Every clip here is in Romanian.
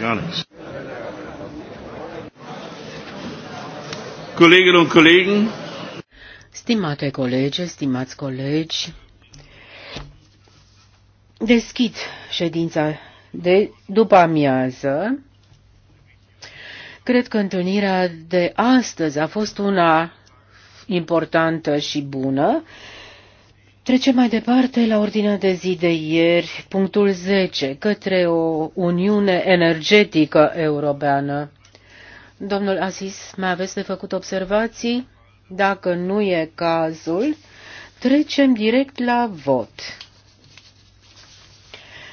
gar Kolleginnen und Kollegen. Stimate colegi, stimați colegi, deschid ședința de după amiază. Cred că întâlnirea de astăzi a fost una importantă și bună. Trecem mai departe la ordinea de zi de ieri, punctul 10, către o Uniune Energetică Europeană. Domnul Asis, mai aveți de făcut observații? Dacă nu e cazul, trecem direct la vot.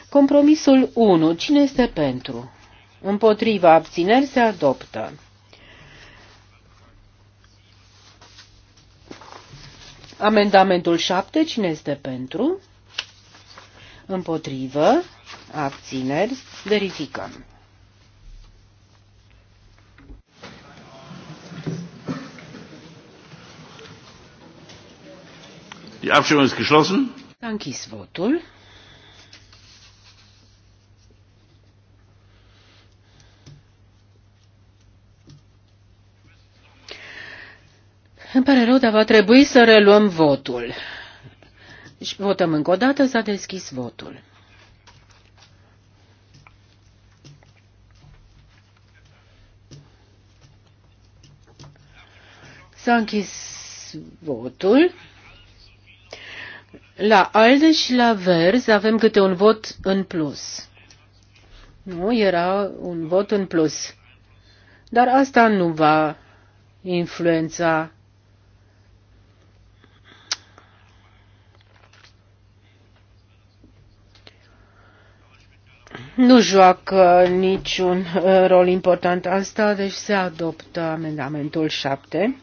Compromisul 1. Cine este pentru? Împotriva abțineri se adoptă. Amendamentul 7, cine este pentru? Împotrivă, abțineri, verificăm. Die Abstimmung ist geschlossen. Închis votul. Îmi pare rău, dar va trebui să reluăm votul. Deci votăm încă o dată, s-a deschis votul. S-a închis votul. La ALDE și la VERS avem câte un vot în plus. Nu, era un vot în plus. Dar asta nu va influența nu joacă niciun uh, rol important asta, deci se adoptă amendamentul 7.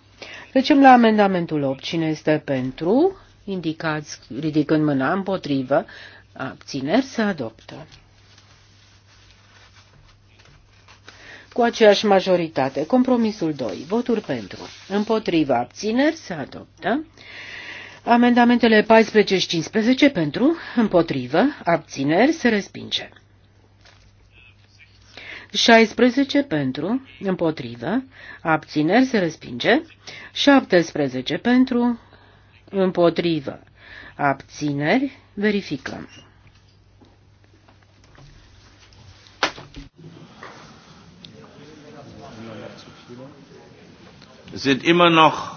Trecem la amendamentul 8. Cine este pentru? Indicați ridicând mâna împotrivă. Abțineri se adoptă. Cu aceeași majoritate, compromisul 2, voturi pentru, împotriva abțineri se adoptă. Amendamentele 14 și 15 pentru, împotrivă, abțineri se respinge. 16 pentru, împotrivă, abțineri se respinge, 17 pentru, împotrivă, abțineri, verificăm. Sunt immer noch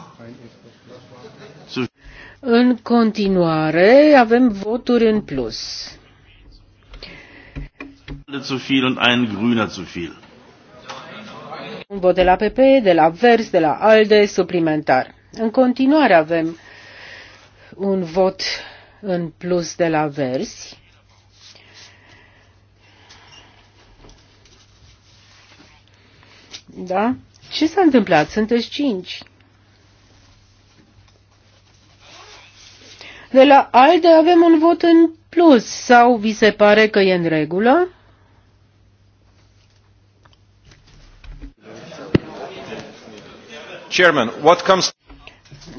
în continuare avem voturi în plus zu viel und ein Grüner zu viel. Un vot de la PP, de la Vers, de la ALDE, suplimentar. În continuare avem un vot în plus de la vers. Da? Ce s-a întâmplat? Sunteți cinci. De la ALDE avem un vot în plus sau vi se pare că e în regulă?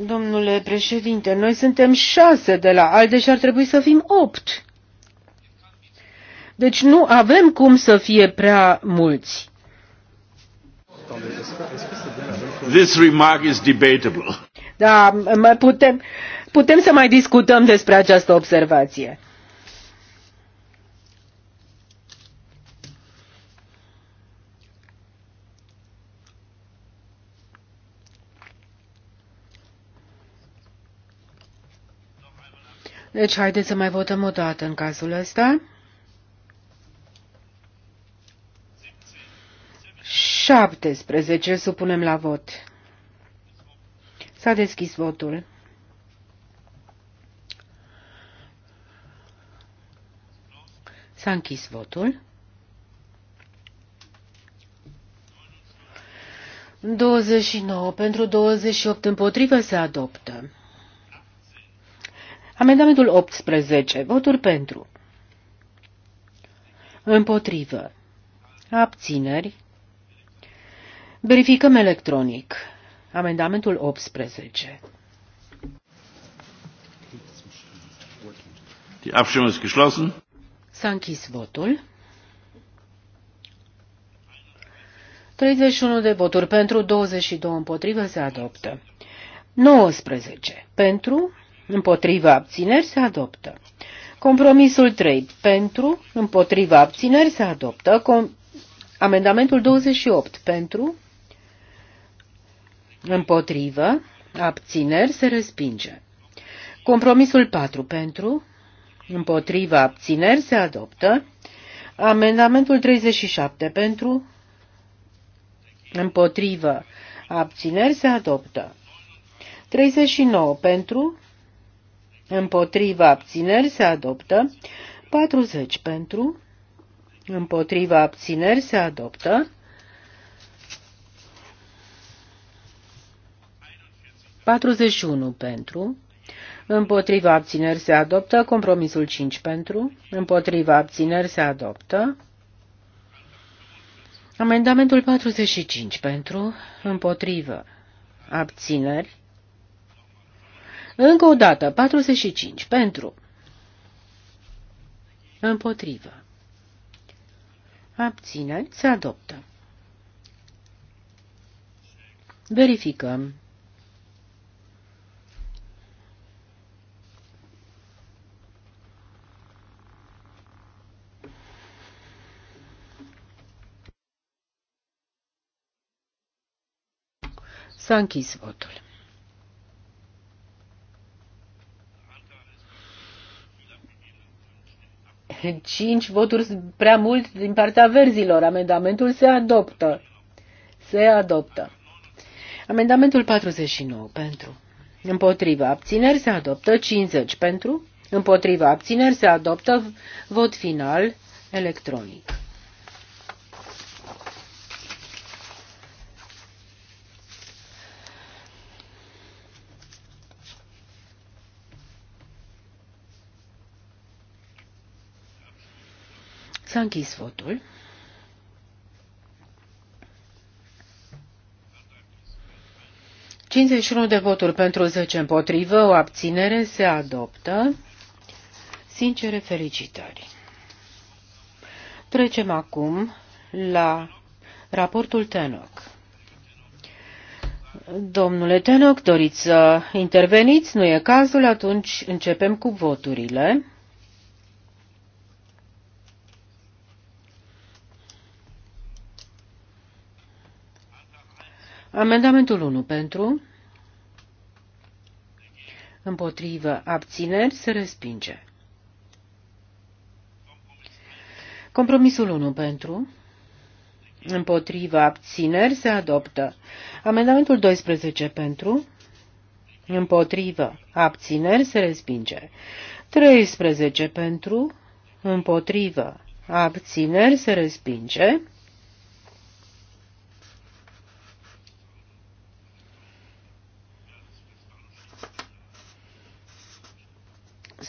Domnule președinte, noi suntem șase de la ALDE și ar trebui să fim opt. Deci nu avem cum să fie prea mulți. This remark is debatable. Da, putem, putem să mai discutăm despre această observație. Deci, haideți să mai votăm o dată în cazul ăsta. 17 supunem la vot. S-a deschis votul. S-a închis votul. 29 pentru 28 împotrivă se adoptă. Amendamentul 18. Voturi pentru. Împotrivă. Abțineri. Verificăm electronic. Amendamentul 18. Die Abstimmung ist geschlossen. S-a închis votul. 31 de voturi pentru, 22 împotrivă se adoptă. 19 pentru, împotriva abțineri se adoptă. Compromisul 3 pentru, împotriva abțineri se adoptă. Com amendamentul 28 pentru, împotrivă, abțineri se respinge. Compromisul 4 pentru, împotriva abțineri se adoptă. Amendamentul 37 pentru, împotrivă, abțineri se adoptă. 39 pentru, împotriva abțineri se adoptă, 40 pentru, împotriva abțineri se adoptă, 41 pentru, împotriva abțineri se adoptă, compromisul 5 pentru, împotriva abțineri se adoptă, amendamentul 45 pentru, împotrivă abțineri încă o dată, 45 pentru. Împotrivă. Abțineri se adoptă. Verificăm. S-a închis votul. Cinci voturi prea mult din partea verzilor. Amendamentul se adoptă. Se adoptă. Amendamentul 49 pentru. Împotriva abțineri se adoptă 50 pentru. Împotriva abțineri se adoptă vot final electronic. S-a închis votul. ...51 de voturi pentru 10 împotrivă, o abținere se adoptă. Sincere felicitări! Trecem acum la raportul Tenoc. Domnule Tenoc, doriți să interveniți? Nu e cazul, atunci începem cu voturile. Amendamentul 1 pentru, împotrivă, abțineri, se respinge. Compromisul 1 pentru, împotrivă, abțineri, se adoptă. Amendamentul 12 pentru, împotrivă, abțineri, se respinge. 13 pentru, împotrivă, abțineri, se respinge.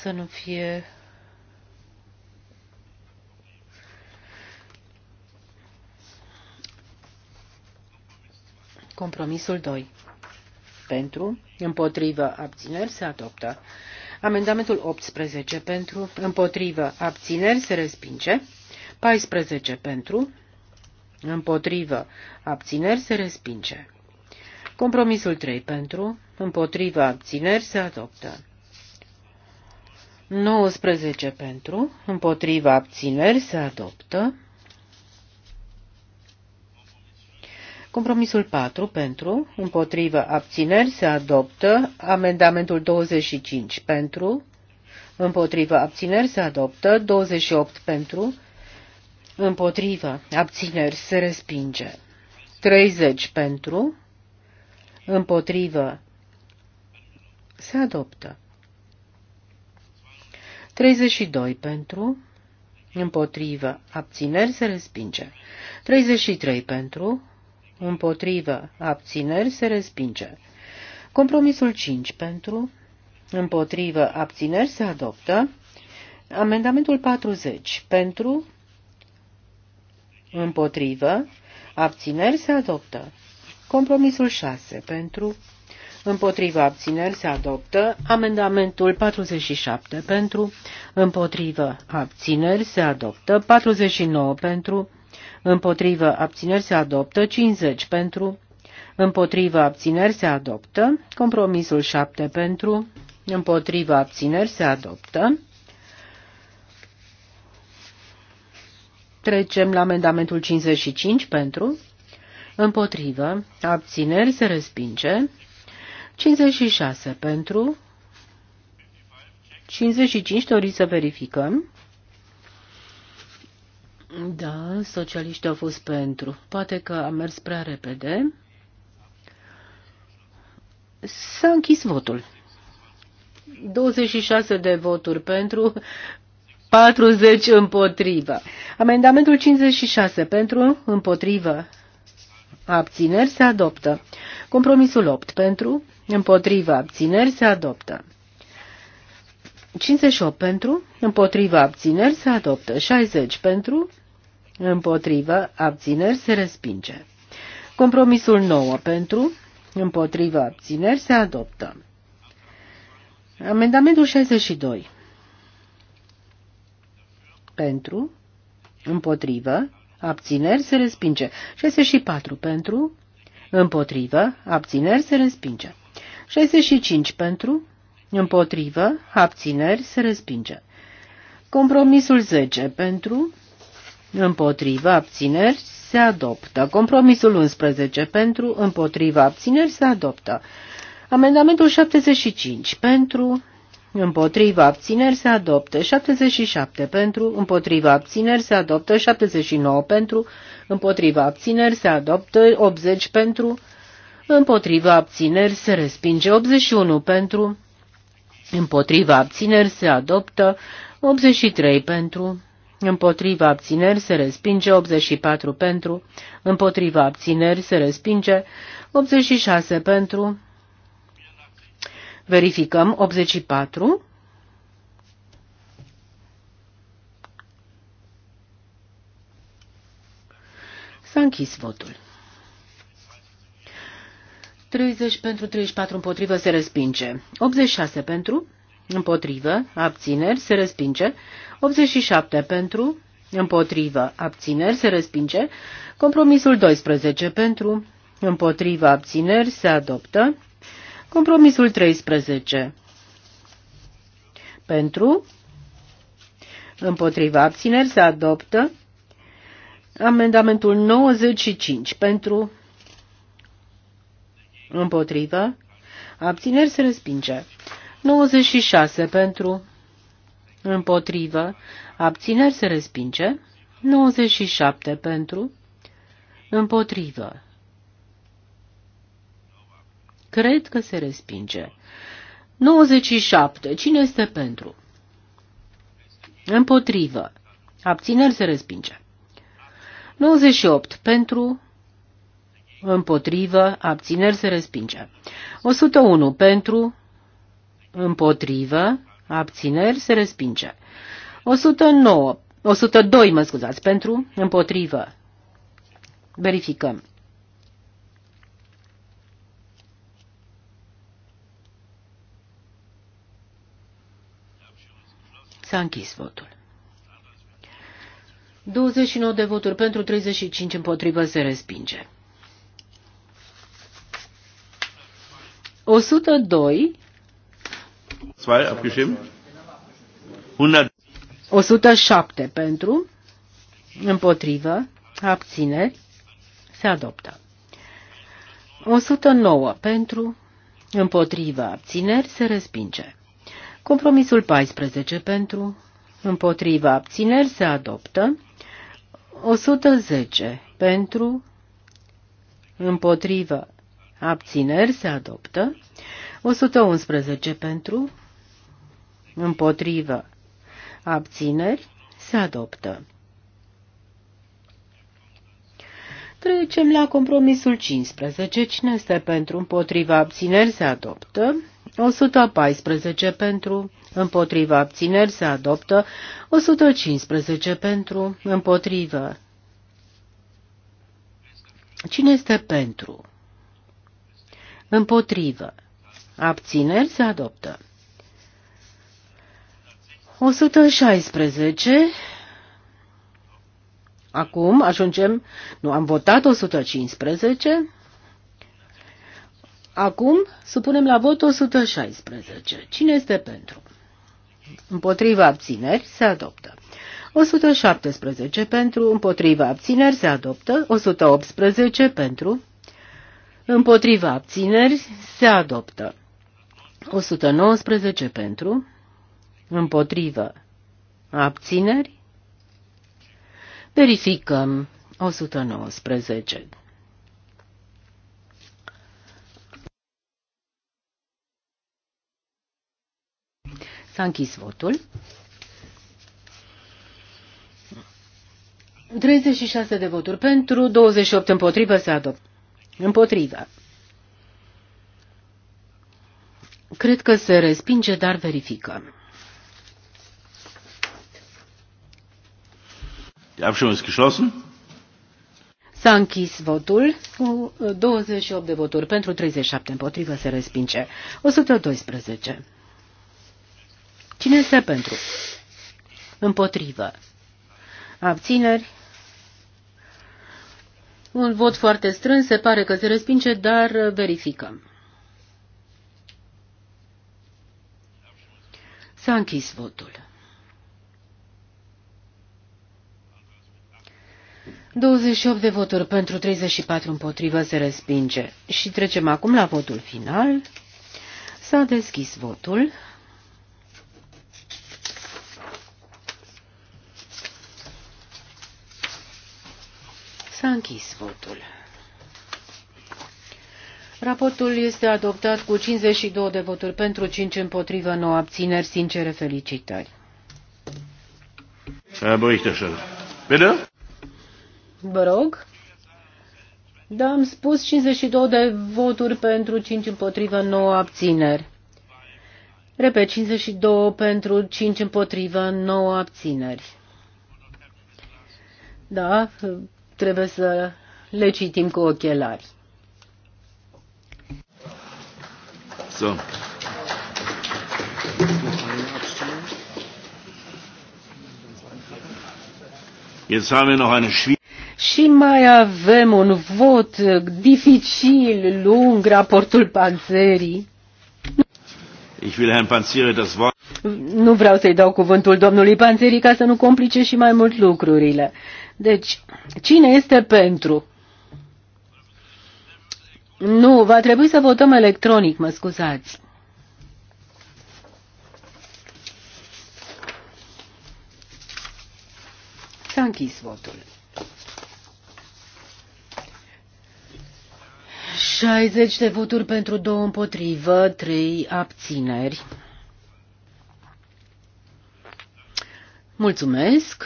să nu fie Compromisul 2. Pentru, împotrivă, abțineri se adoptă. Amendamentul 18 pentru, împotrivă, abțineri se respinge. 14 pentru, împotrivă, abțineri se respinge. Compromisul 3 pentru, împotrivă, abțineri se adoptă. 19 pentru, împotriva abțineri se adoptă. Compromisul 4 pentru, împotriva abțineri se adoptă. Amendamentul 25 pentru, împotriva abțineri se adoptă. 28 pentru, împotriva abțineri se respinge. 30 pentru, împotriva se adoptă. 32 pentru, împotrivă, abțineri se respinge. 33 pentru, împotrivă, abțineri se respinge. Compromisul 5 pentru, împotrivă, abțineri se adoptă. Amendamentul 40 pentru, împotrivă, abțineri se adoptă. Compromisul 6 pentru, împotriva abțineri se adoptă. Amendamentul 47 pentru, împotriva abțineri se adoptă. 49 pentru, împotriva abțineri se adoptă. 50 pentru, împotriva abțineri se adoptă. Compromisul 7 pentru, împotriva abțineri se adoptă. Trecem la amendamentul 55 pentru, împotrivă, abțineri se respinge, 56 pentru. 55 doriți să verificăm. Da, socialiștii au fost pentru. Poate că a mers prea repede. S-a închis votul. 26 de voturi pentru, 40 împotrivă. Amendamentul 56 pentru, împotrivă, abțineri se adoptă. Compromisul 8 pentru, împotriva abțineri se adoptă. 58 pentru, împotriva abțineri se adoptă. 60 pentru, împotriva abțineri se respinge. Compromisul 9 pentru, împotriva abțineri se adoptă. Amendamentul 62 pentru, împotrivă, abțineri se respinge. 64 pentru, împotrivă, abțineri se respinge. 65 pentru, împotrivă, abțineri, se respinge. Compromisul 10 pentru, împotrivă, abțineri, se adoptă. Compromisul 11 pentru, împotrivă, abțineri, se adoptă. Amendamentul 75 pentru, împotrivă, abțineri se adoptă 77 pentru, împotrivă, abțineri se adoptă 79 pentru, împotrivă, abțineri se adoptă 80 pentru, împotriva abțineri se respinge 81 pentru, împotriva abțineri se adoptă 83 pentru, împotriva abțineri se respinge 84 pentru, împotriva abțineri se respinge 86 pentru, verificăm 84 S-a închis votul. 30 pentru 34 împotrivă se respinge. 86 pentru împotrivă, abțineri, se respinge. 87 pentru împotrivă, abțineri, se respinge. Compromisul 12 pentru împotrivă, abțineri, se adoptă. Compromisul 13 pentru împotrivă, abțineri se adoptă Amendamentul 95 pentru Împotrivă. Abțineri se respinge. 96 pentru. Împotrivă. Abțineri se respinge. 97 pentru. Împotrivă. Cred că se respinge. 97. Cine este pentru? Împotrivă. Abțineri se respinge. 98. Pentru împotrivă, abțineri se respinge. 101 pentru, împotrivă, abțineri se respinge. 109, 102, mă scuzați, pentru, împotrivă. Verificăm. S-a închis votul. 29 de voturi pentru 35 împotrivă se respinge. 102. 2 abgestimmt. 107 pentru, împotrivă, abține, se adoptă. 109 pentru, împotrivă, abțineri, se respinge. Compromisul 14 pentru, împotrivă, abțineri, se adoptă. 110 pentru, împotrivă, abțineri se adoptă, 111 pentru, împotrivă, abțineri se adoptă. Trecem la compromisul 15. Cine este pentru împotriva abțineri se adoptă. 114 pentru împotriva abțineri se adoptă. 115 pentru împotrivă. Cine este pentru? Împotrivă. Abțineri se adoptă. 116. Acum ajungem, nu am votat 115. Acum supunem la vot 116. Cine este pentru? Împotriva abțineri se adoptă. 117 pentru, împotriva abțineri se adoptă. 118 pentru, împotriva abțineri, se adoptă. 119 pentru, împotriva abțineri, verificăm 119. S-a închis votul. 36 de voturi pentru, 28 împotrivă se adoptă. Împotrivă. Cred că se respinge, dar verificăm. S-a închis votul cu 28 uh, de voturi pentru 37 împotrivă se respinge. 112. Cine este pentru? Împotrivă. Abțineri un vot foarte strâns, se pare că se respinge, dar verificăm. S-a închis votul. 28 de voturi pentru 34 împotrivă se respinge. Și trecem acum la votul final. S-a deschis votul. S-a închis votul. Raportul este adoptat cu 52 de voturi pentru 5 împotrivă 9 abțineri. Sincere felicitări. Bitte? Vă rog. Da, am spus 52 de voturi pentru 5 împotrivă 9 abțineri. Repet, 52 pentru 5 împotrivă 9 abțineri. Da, trebuie să le citim cu ochelari. So. Jetzt haben wir noch eine și mai avem un vot dificil, lung, raportul panzerii. Nu vreau să-i dau cuvântul domnului Panzeri ca să nu complice și mai mult lucrurile. Deci, cine este pentru? Nu, va trebui să votăm electronic, mă scuzați. S-a închis votul. 60 de voturi pentru două împotrivă, 3 abțineri. Mulțumesc.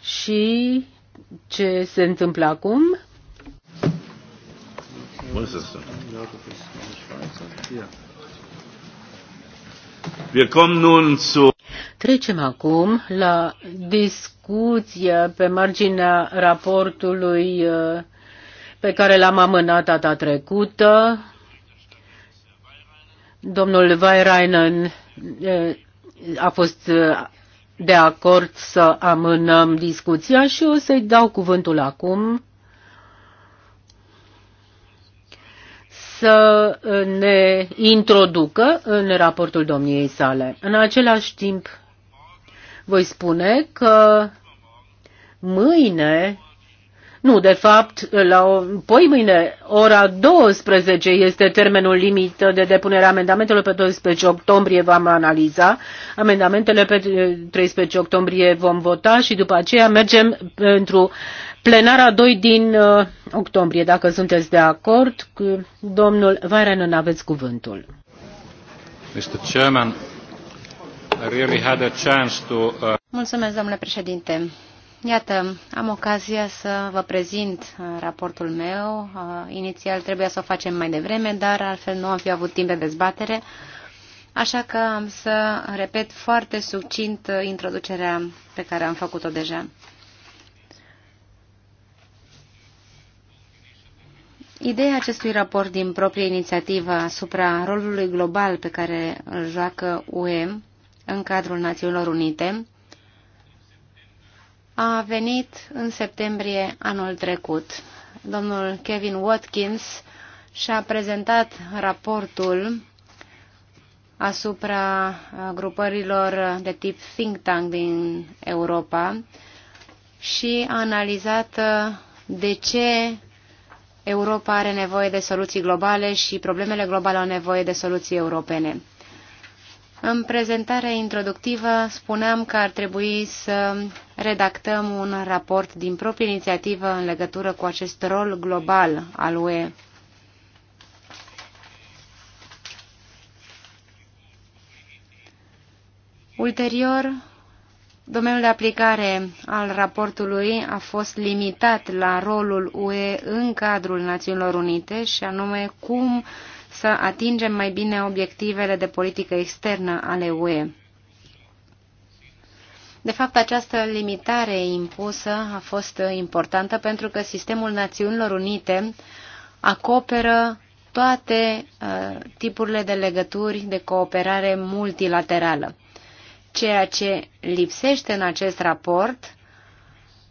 Și ce se întâmplă acum? Trecem acum la discuția pe marginea raportului uh, pe care l-am amânat data trecută. Domnul Weirainen a fost de acord să amânăm discuția și o să-i dau cuvântul acum să ne introducă în raportul domniei sale. În același timp, voi spune că mâine nu, de fapt, la mâine, ora 12 este termenul limit de depunere a amendamentelor. Pe 12 octombrie vom analiza amendamentele, pe 13 octombrie vom vota și după aceea mergem pentru plenara 2 din uh, octombrie. Dacă sunteți de acord, cu domnul Varanen aveți cuvântul. Mr. Chairman, I really had a chance to, uh... Mulțumesc, domnule președinte. Iată, am ocazia să vă prezint uh, raportul meu. Uh, inițial trebuia să o facem mai devreme, dar altfel nu am fi avut timp de dezbatere. Așa că am să repet foarte succint uh, introducerea pe care am făcut-o deja. Ideea acestui raport din proprie inițiativă asupra rolului global pe care îl joacă UE în cadrul Națiunilor Unite a venit în septembrie anul trecut. Domnul Kevin Watkins și-a prezentat raportul asupra uh, grupărilor de tip think tank din Europa și a analizat uh, de ce Europa are nevoie de soluții globale și problemele globale au nevoie de soluții europene. În prezentarea introductivă spuneam că ar trebui să redactăm un raport din proprie inițiativă în legătură cu acest rol global al UE. Ulterior, domeniul de aplicare al raportului a fost limitat la rolul UE în cadrul Națiunilor Unite și anume cum uh, să atingem mai bine obiectivele de politică externă ale UE. De fapt, această limitare impusă a fost importantă pentru că sistemul Națiunilor Unite acoperă toate uh, tipurile de legături de cooperare multilaterală. Ceea ce lipsește în acest raport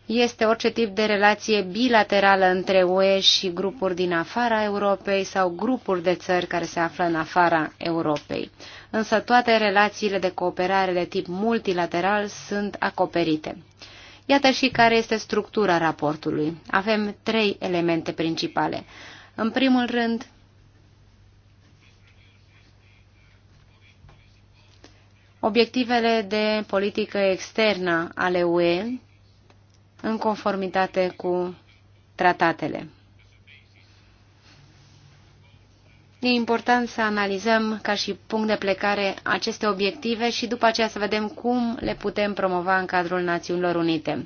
este orice tip de relație bilaterală între UE și grupuri din afara Europei sau grupuri de țări care se află în afara Europei. Însă toate relațiile de cooperare de tip multilateral sunt acoperite. Iată și care este structura raportului. Avem trei elemente principale. În primul rând, obiectivele de politică externă ale UE în conformitate cu tratatele. E important să analizăm ca și punct de plecare aceste obiective și după aceea să vedem cum le putem promova în cadrul Națiunilor Unite.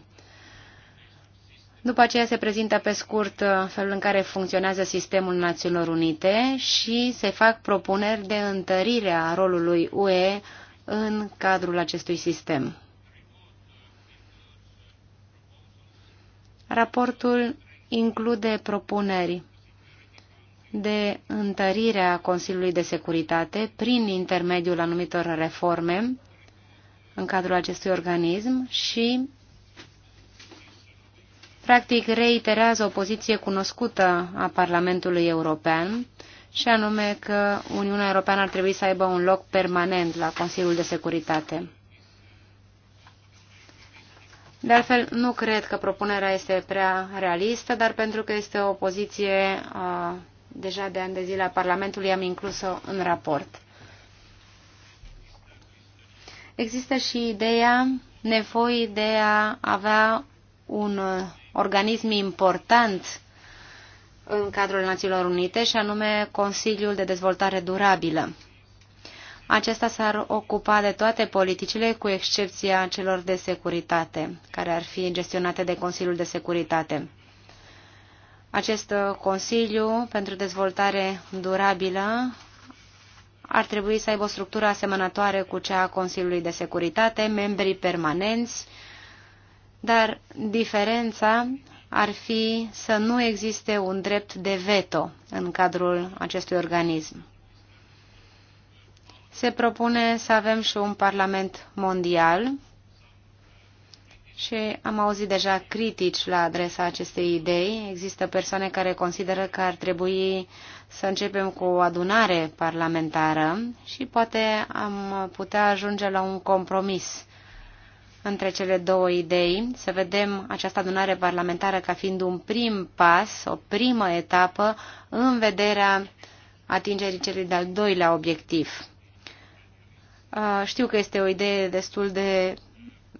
După aceea se prezintă pe scurt uh, felul în care funcționează sistemul Națiunilor Unite și se fac propuneri de întărire a rolului UE în cadrul acestui sistem. Raportul include propuneri de întărire a Consiliului de Securitate prin intermediul anumitor reforme în cadrul acestui organism și practic reiterează o poziție cunoscută a Parlamentului European și anume că Uniunea Europeană ar trebui să aibă un loc permanent la Consiliul de Securitate. De altfel, nu cred că propunerea este prea realistă, dar pentru că este o poziție a, deja de ani de zile a Parlamentului, am inclus-o în raport. Există și ideea nevoie de a avea un organism important în cadrul Națiunilor Unite, și anume Consiliul de Dezvoltare Durabilă. Acesta s-ar ocupa de toate politicile, cu excepția celor de securitate, care ar fi gestionate de Consiliul de Securitate. Acest uh, Consiliu pentru Dezvoltare Durabilă ar trebui să aibă o structură asemănătoare cu cea a Consiliului de Securitate, membrii permanenți, dar diferența ar fi să nu existe un drept de veto în cadrul acestui organism. Se propune să avem și un parlament mondial și am auzit deja critici la adresa acestei idei. Există persoane care consideră că ar trebui să începem cu o adunare parlamentară și poate am putea ajunge la un compromis între cele două idei, să vedem această adunare parlamentară ca fiind un prim pas, o primă etapă în vederea atingerii celui de-al doilea obiectiv. Știu că este o idee destul de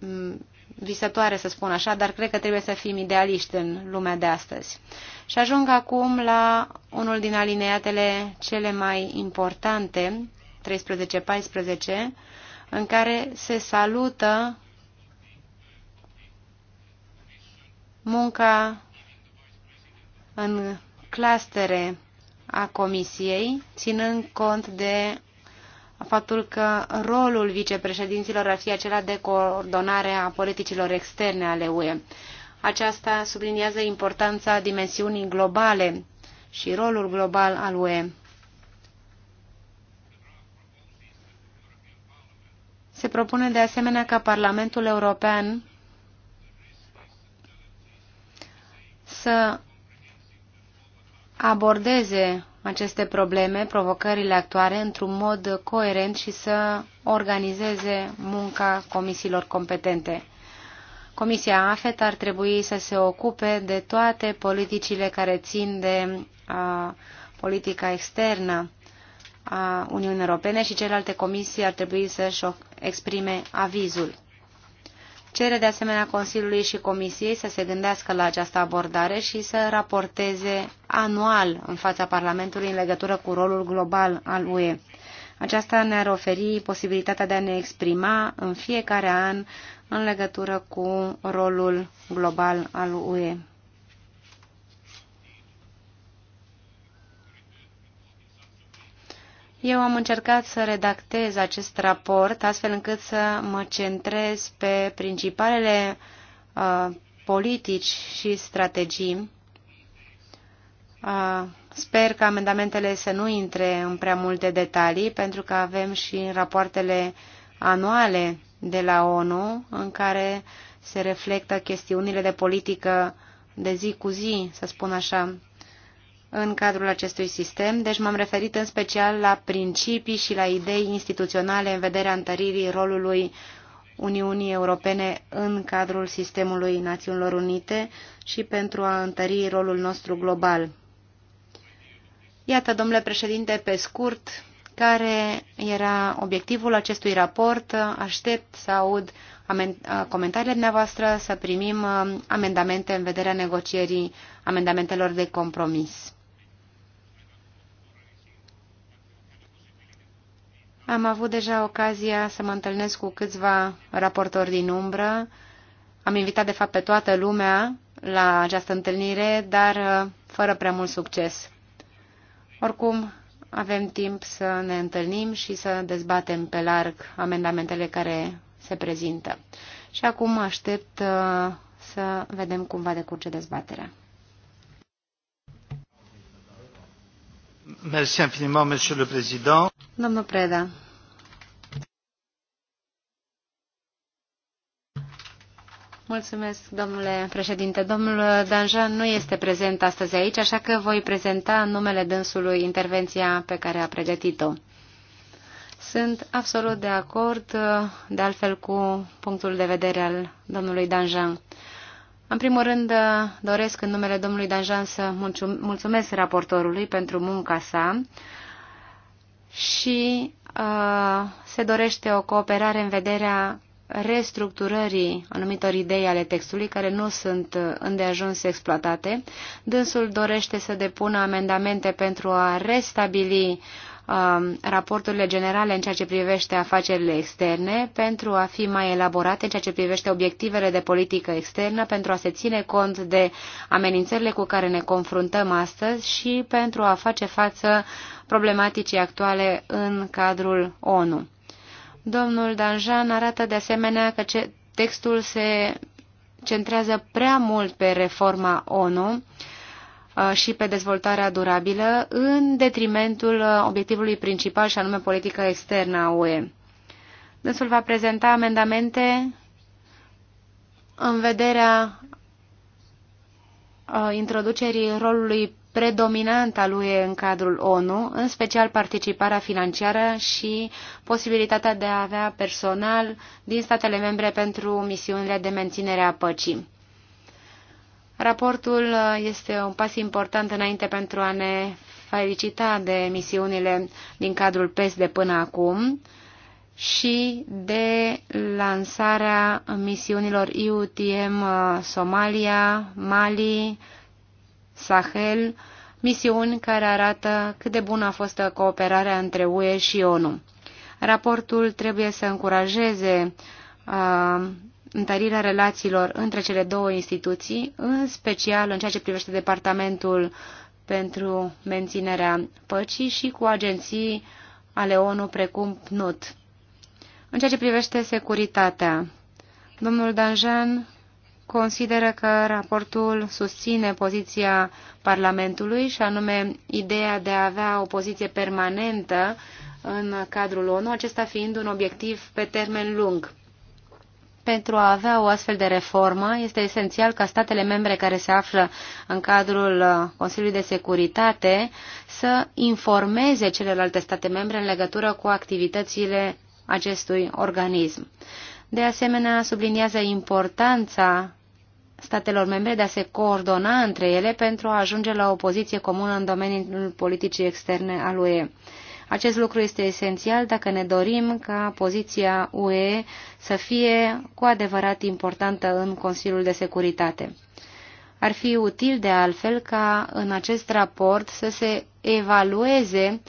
mm, visătoare, să spun așa, dar cred că trebuie să fim idealiști în lumea de astăzi. Și ajung acum la unul din alineatele cele mai importante, 13-14, în care se salută munca în clastere a Comisiei, ținând cont de faptul că rolul vicepreședinților ar fi acela de coordonare a politicilor externe ale UE. Aceasta subliniază importanța dimensiunii globale și rolul global al UE. Se propune de asemenea ca Parlamentul European să abordeze aceste probleme, provocările actuale, într-un mod coerent și să organizeze munca comisiilor competente. Comisia AFET ar trebui să se ocupe de toate politicile care țin de a, politica externă a Uniunii Europene și celelalte comisii ar trebui să-și exprime avizul. Cere de asemenea Consiliului și Comisiei să se gândească la această abordare și să raporteze anual în fața Parlamentului în legătură cu rolul global al UE. Aceasta ne-ar oferi posibilitatea de a ne exprima în fiecare an în legătură cu rolul global al UE. Eu am încercat să redactez acest raport astfel încât să mă centrez pe principalele uh, politici și strategii Sper că amendamentele să nu intre în prea multe detalii, pentru că avem și rapoartele anuale de la ONU, în care se reflectă chestiunile de politică de zi cu zi, să spun așa, în cadrul acestui sistem, deci m-am referit în special la principii și la idei instituționale în vederea întăririi rolului Uniunii Europene în cadrul sistemului Națiunilor Unite și pentru a întări rolul nostru global. Iată, domnule președinte, pe scurt, care era obiectivul acestui raport. Aștept să aud comentariile dumneavoastră, să primim uh, amendamente în vederea negocierii amendamentelor de compromis. Am avut deja ocazia să mă întâlnesc cu câțiva raportori din umbră. Am invitat, de fapt, pe toată lumea la această întâlnire, dar uh, fără prea mult succes. Oricum, avem timp să ne întâlnim și să dezbatem pe larg amendamentele care se prezintă. Și acum aștept uh, să vedem cum va decurge dezbaterea. Merci infiniment, Monsieur le Président. Domnul Preda, Mulțumesc, domnule președinte. Domnul Danjan nu este prezent astăzi aici, așa că voi prezenta în numele dânsului intervenția pe care a pregătit-o. Sunt absolut de acord, de altfel, cu punctul de vedere al domnului Danjan. În primul rând, doresc în numele domnului Danjan să mulțumesc raportorului pentru munca sa și uh, se dorește o cooperare în vederea restructurării anumitor idei ale textului care nu sunt îndeajuns exploatate. Dânsul dorește să depună amendamente pentru a restabili um, raporturile generale în ceea ce privește afacerile externe, pentru a fi mai elaborate în ceea ce privește obiectivele de politică externă, pentru a se ține cont de amenințările cu care ne confruntăm astăzi și pentru a face față problematicii actuale în cadrul ONU. Domnul Danjan arată de asemenea că ce textul se centrează prea mult pe reforma ONU uh, și pe dezvoltarea durabilă în detrimentul uh, obiectivului principal și anume politica externă a UE. Dânsul va prezenta amendamente în vederea uh, introducerii rolului predominant al UE în cadrul ONU, în special participarea financiară și posibilitatea de a avea personal din statele membre pentru misiunile de menținere a păcii. Raportul uh, este un pas important înainte pentru a ne felicita de misiunile din cadrul PES de până acum și de lansarea misiunilor IUTM uh, Somalia, Mali, Sahel, misiuni care arată cât de bună a fost cooperarea între UE și ONU. Raportul trebuie să încurajeze uh, întărirea relațiilor între cele două instituții, în special în ceea ce privește Departamentul pentru menținerea păcii și cu agenții ale ONU precum PNUT. În ceea ce privește securitatea, domnul Danjan consideră că raportul susține poziția Parlamentului și anume ideea de a avea o poziție permanentă în cadrul ONU, acesta fiind un obiectiv pe termen lung. Pentru a avea o astfel de reformă, este esențial ca statele membre care se află în cadrul uh, Consiliului de Securitate să informeze celelalte state membre în legătură cu activitățile acestui organism. De asemenea, subliniază importanța statelor membre de a se coordona între ele pentru a ajunge la o poziție comună în domeniul politicii externe al UE. Acest lucru este esențial dacă ne dorim ca poziția UE să fie cu adevărat importantă în Consiliul de Securitate. Ar fi util de altfel ca în acest raport să se evalueze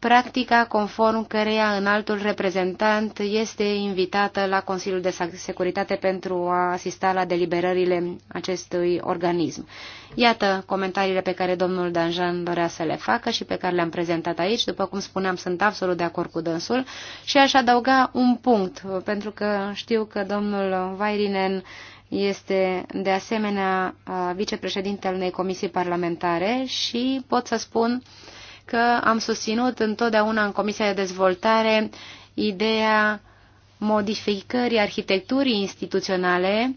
practica conform căreia înaltul reprezentant este invitată la Consiliul de Securitate pentru a asista la deliberările acestui organism. Iată comentariile pe care domnul Danjan dorea să le facă și pe care le-am prezentat aici. După cum spuneam, sunt absolut de acord cu dânsul și aș adăuga un punct, pentru că știu că domnul Vairinen este de asemenea vicepreședinte al unei comisii parlamentare și pot să spun uh, că am susținut întotdeauna în Comisia de Dezvoltare ideea modificării arhitecturii instituționale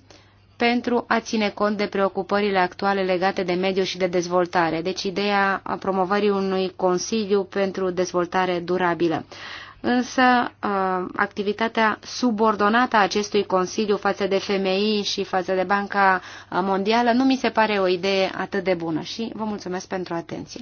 pentru a ține cont de preocupările actuale legate de mediu și de dezvoltare, deci ideea a promovării unui Consiliu pentru dezvoltare durabilă. Însă, ă, activitatea subordonată a acestui Consiliu față de FMI și față de Banca Mondială nu mi se pare o idee atât de bună și vă mulțumesc pentru atenție.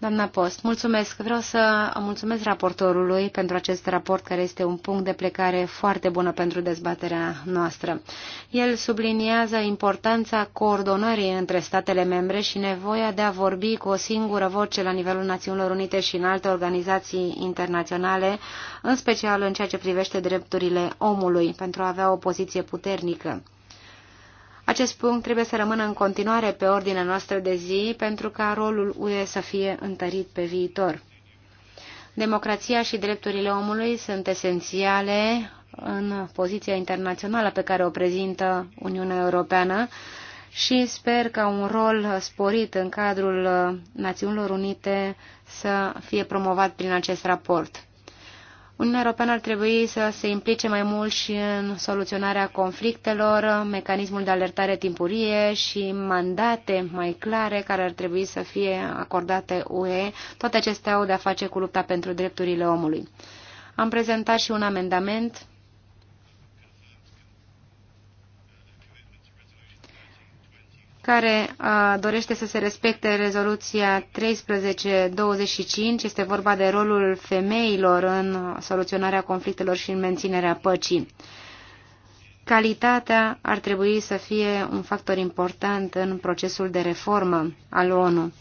Doamna Post, mulțumesc. Vreau să mulțumesc raportorului pentru acest raport care este un punct de plecare foarte bună pentru dezbaterea noastră. El subliniază importanța coordonării între statele membre și nevoia de a vorbi cu o singură voce la nivelul Națiunilor Unite și în alte organizații internaționale, în special în ceea ce privește drepturile omului, pentru a avea o poziție puternică. Acest punct trebuie să rămână în continuare pe ordinea noastră de zi pentru ca rolul UE să fie întărit pe viitor. Democrația și drepturile omului sunt esențiale în poziția internațională pe care o prezintă Uniunea Europeană și sper ca un rol sporit în cadrul Națiunilor Unite să fie promovat prin acest raport. Uniunea Europeană ar trebui să se implice mai mult și în soluționarea conflictelor, mecanismul de alertare timpurie și mandate mai clare care ar trebui să fie acordate UE. Toate acestea au de-a face cu lupta pentru drepturile omului. Am prezentat și un amendament care uh, dorește să se respecte rezoluția 1325. Este vorba de rolul femeilor în soluționarea conflictelor și în menținerea păcii. Calitatea ar trebui să fie un factor important în procesul de reformă al ONU.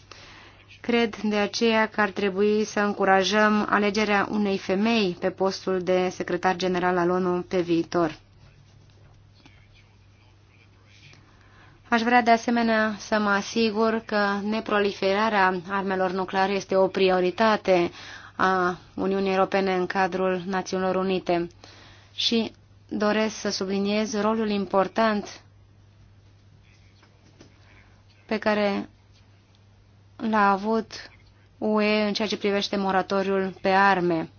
Cred de aceea că ar trebui să încurajăm alegerea unei femei pe postul de secretar general al ONU pe viitor. Aș vrea de asemenea să mă asigur că neproliferarea armelor nucleare este o prioritate a Uniunii Europene în cadrul Națiunilor Unite și doresc să subliniez rolul important pe care l-a avut UE în ceea ce privește moratoriul pe arme.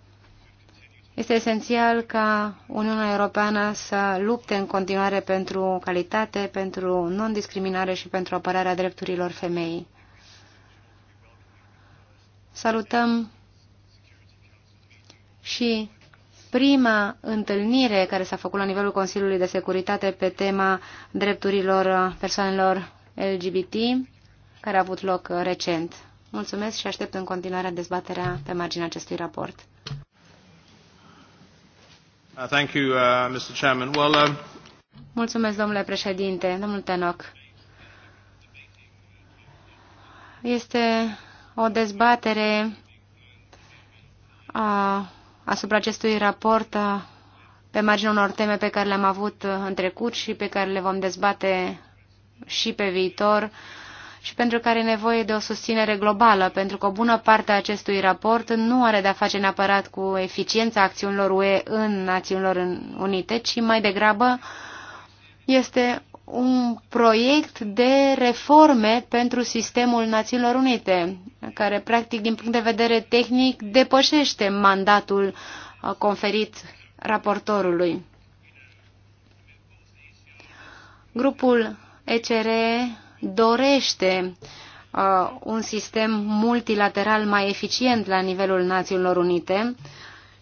Este esențial ca Uniunea Europeană să lupte în continuare pentru calitate, pentru non-discriminare și pentru apărarea drepturilor femeii. Salutăm și prima întâlnire care s-a făcut la nivelul Consiliului de Securitate pe tema drepturilor persoanelor LGBT, care a avut loc recent. Mulțumesc și aștept în continuare dezbaterea pe marginea acestui raport. Uh, uh, um, Mulțumesc, domnule președinte, domnul Tenoc. Este o dezbatere a, asupra acestui raport a, pe marginea unor teme pe care le-am avut în trecut și pe care le vom dezbate și pe viitor și pentru care e nevoie de o susținere globală, pentru că o bună parte a acestui raport nu are de-a face neapărat cu eficiența acțiunilor UE în Națiunilor Unite, ci mai degrabă este un proiect de reforme pentru sistemul Națiunilor Unite, care practic din punct de vedere tehnic depășește mandatul uh, conferit raportorului. Grupul ECR dorește uh, un sistem multilateral mai eficient la nivelul Națiunilor Unite,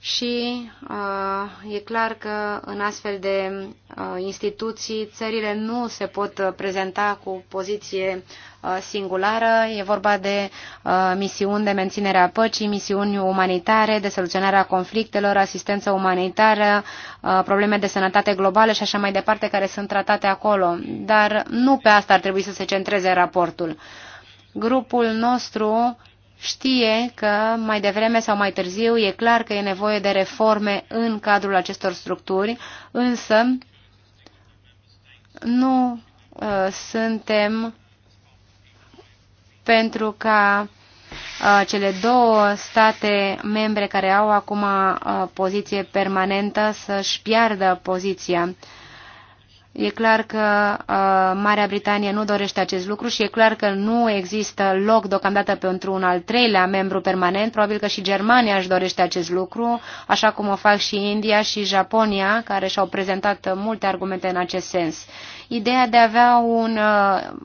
și uh, e clar că în astfel de uh, instituții țările nu se pot uh, prezenta cu poziție uh, singulară. E vorba de uh, misiuni de menținere a păcii, misiuni umanitare, de soluționarea conflictelor, asistență umanitară, uh, probleme de sănătate globale și așa mai departe care sunt tratate acolo. Dar nu pe asta ar trebui să se centreze raportul. Grupul nostru știe că mai devreme sau mai târziu e clar că e nevoie de reforme în cadrul acestor structuri, însă nu uh, suntem pentru ca uh, cele două state membre care au acum uh, poziție permanentă să-și piardă poziția. Uh, E clar că uh, Marea Britanie nu dorește acest lucru și e clar că nu există loc deocamdată pentru un al treilea membru permanent. Probabil că și Germania își dorește acest lucru, așa cum o fac și India și Japonia, care și-au prezentat multe argumente în acest sens. Ideea de a avea un, uh,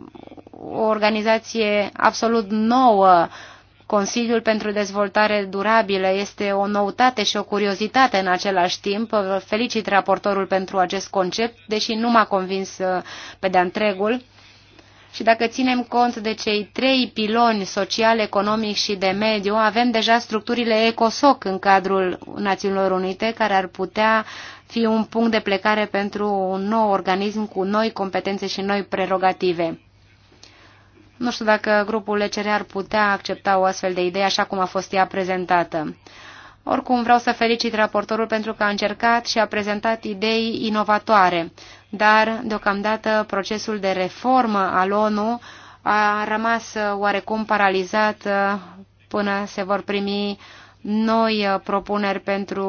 o organizație absolut nouă uh, Consiliul pentru Dezvoltare Durabilă este o noutate și o curiozitate în același timp. felicit raportorul pentru acest concept, deși nu m-a convins uh, pe de întregul. Și dacă ținem cont de cei trei piloni social, economic și de mediu, avem deja structurile ECOSOC în cadrul Națiunilor Unite, care ar putea fi un punct de plecare pentru un nou organism cu noi competențe și noi prerogative. Nu știu dacă grupul ECR ar putea accepta o astfel de idee așa cum a fost ea prezentată. Oricum, vreau să felicit raportorul pentru că a încercat și a prezentat idei inovatoare, dar, deocamdată, procesul de reformă al ONU a rămas uh, oarecum paralizat uh, până se vor primi noi uh, propuneri pentru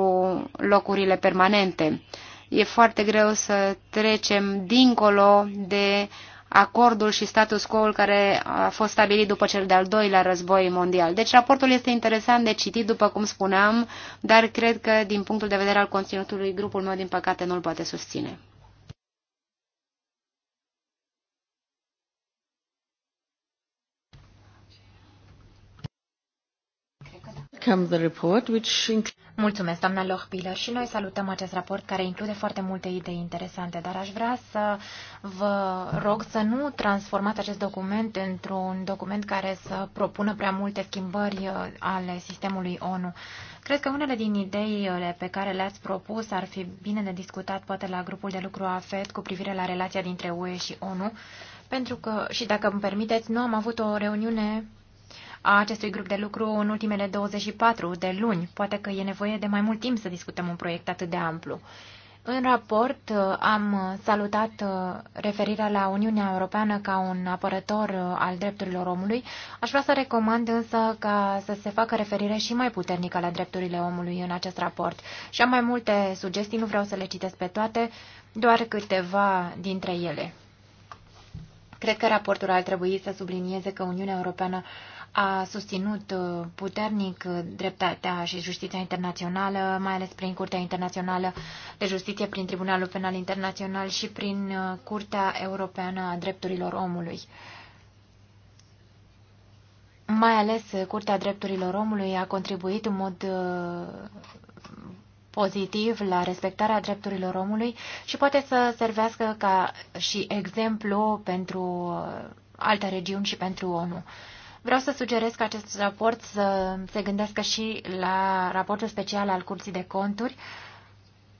locurile permanente. E foarte greu să trecem dincolo de uh, acordul și status quo-ul care a fost stabilit după cel de-al doilea război mondial. Deci raportul este interesant de citit, după cum spuneam, dar cred că din punctul de vedere al conținutului, grupul meu, din păcate, nu-l poate susține. welcome the report, which Mulțumesc, doamna Lochbiller, și noi salutăm acest raport care include foarte multe idei interesante, dar aș vrea să vă rog să nu transformați acest document într-un document care să propună prea multe schimbări uh, ale sistemului ONU. Cred că unele din ideile pe care le-ați propus ar fi bine de discutat poate la grupul de lucru AFET cu privire la relația dintre UE și ONU, pentru că, și dacă îmi permiteți, nu am avut o reuniune a acestui grup de lucru în ultimele 24 de luni. Poate că e nevoie de mai mult timp să discutăm un proiect atât de amplu. În raport uh, am salutat uh, referirea la Uniunea Europeană ca un apărător uh, al drepturilor omului. Aș vrea să recomand însă ca să se facă referire și mai puternică la drepturile omului în acest raport. Și am mai multe sugestii, nu vreau să le citesc pe toate, doar câteva dintre ele. Cred că raportul ar trebui să sublinieze că Uniunea Europeană a susținut uh, puternic uh, dreptatea și justiția internațională, mai ales prin Curtea Internațională de Justiție, prin Tribunalul Penal Internațional și prin uh, Curtea Europeană a Drepturilor Omului. Mai ales Curtea Drepturilor Omului a contribuit în mod pozitiv la respectarea drepturilor omului și poate să servească ca și exemplu pentru alte regiuni și pentru ONU. Vreau să sugerez că acest raport să se gândească și la raportul special al Curții de Conturi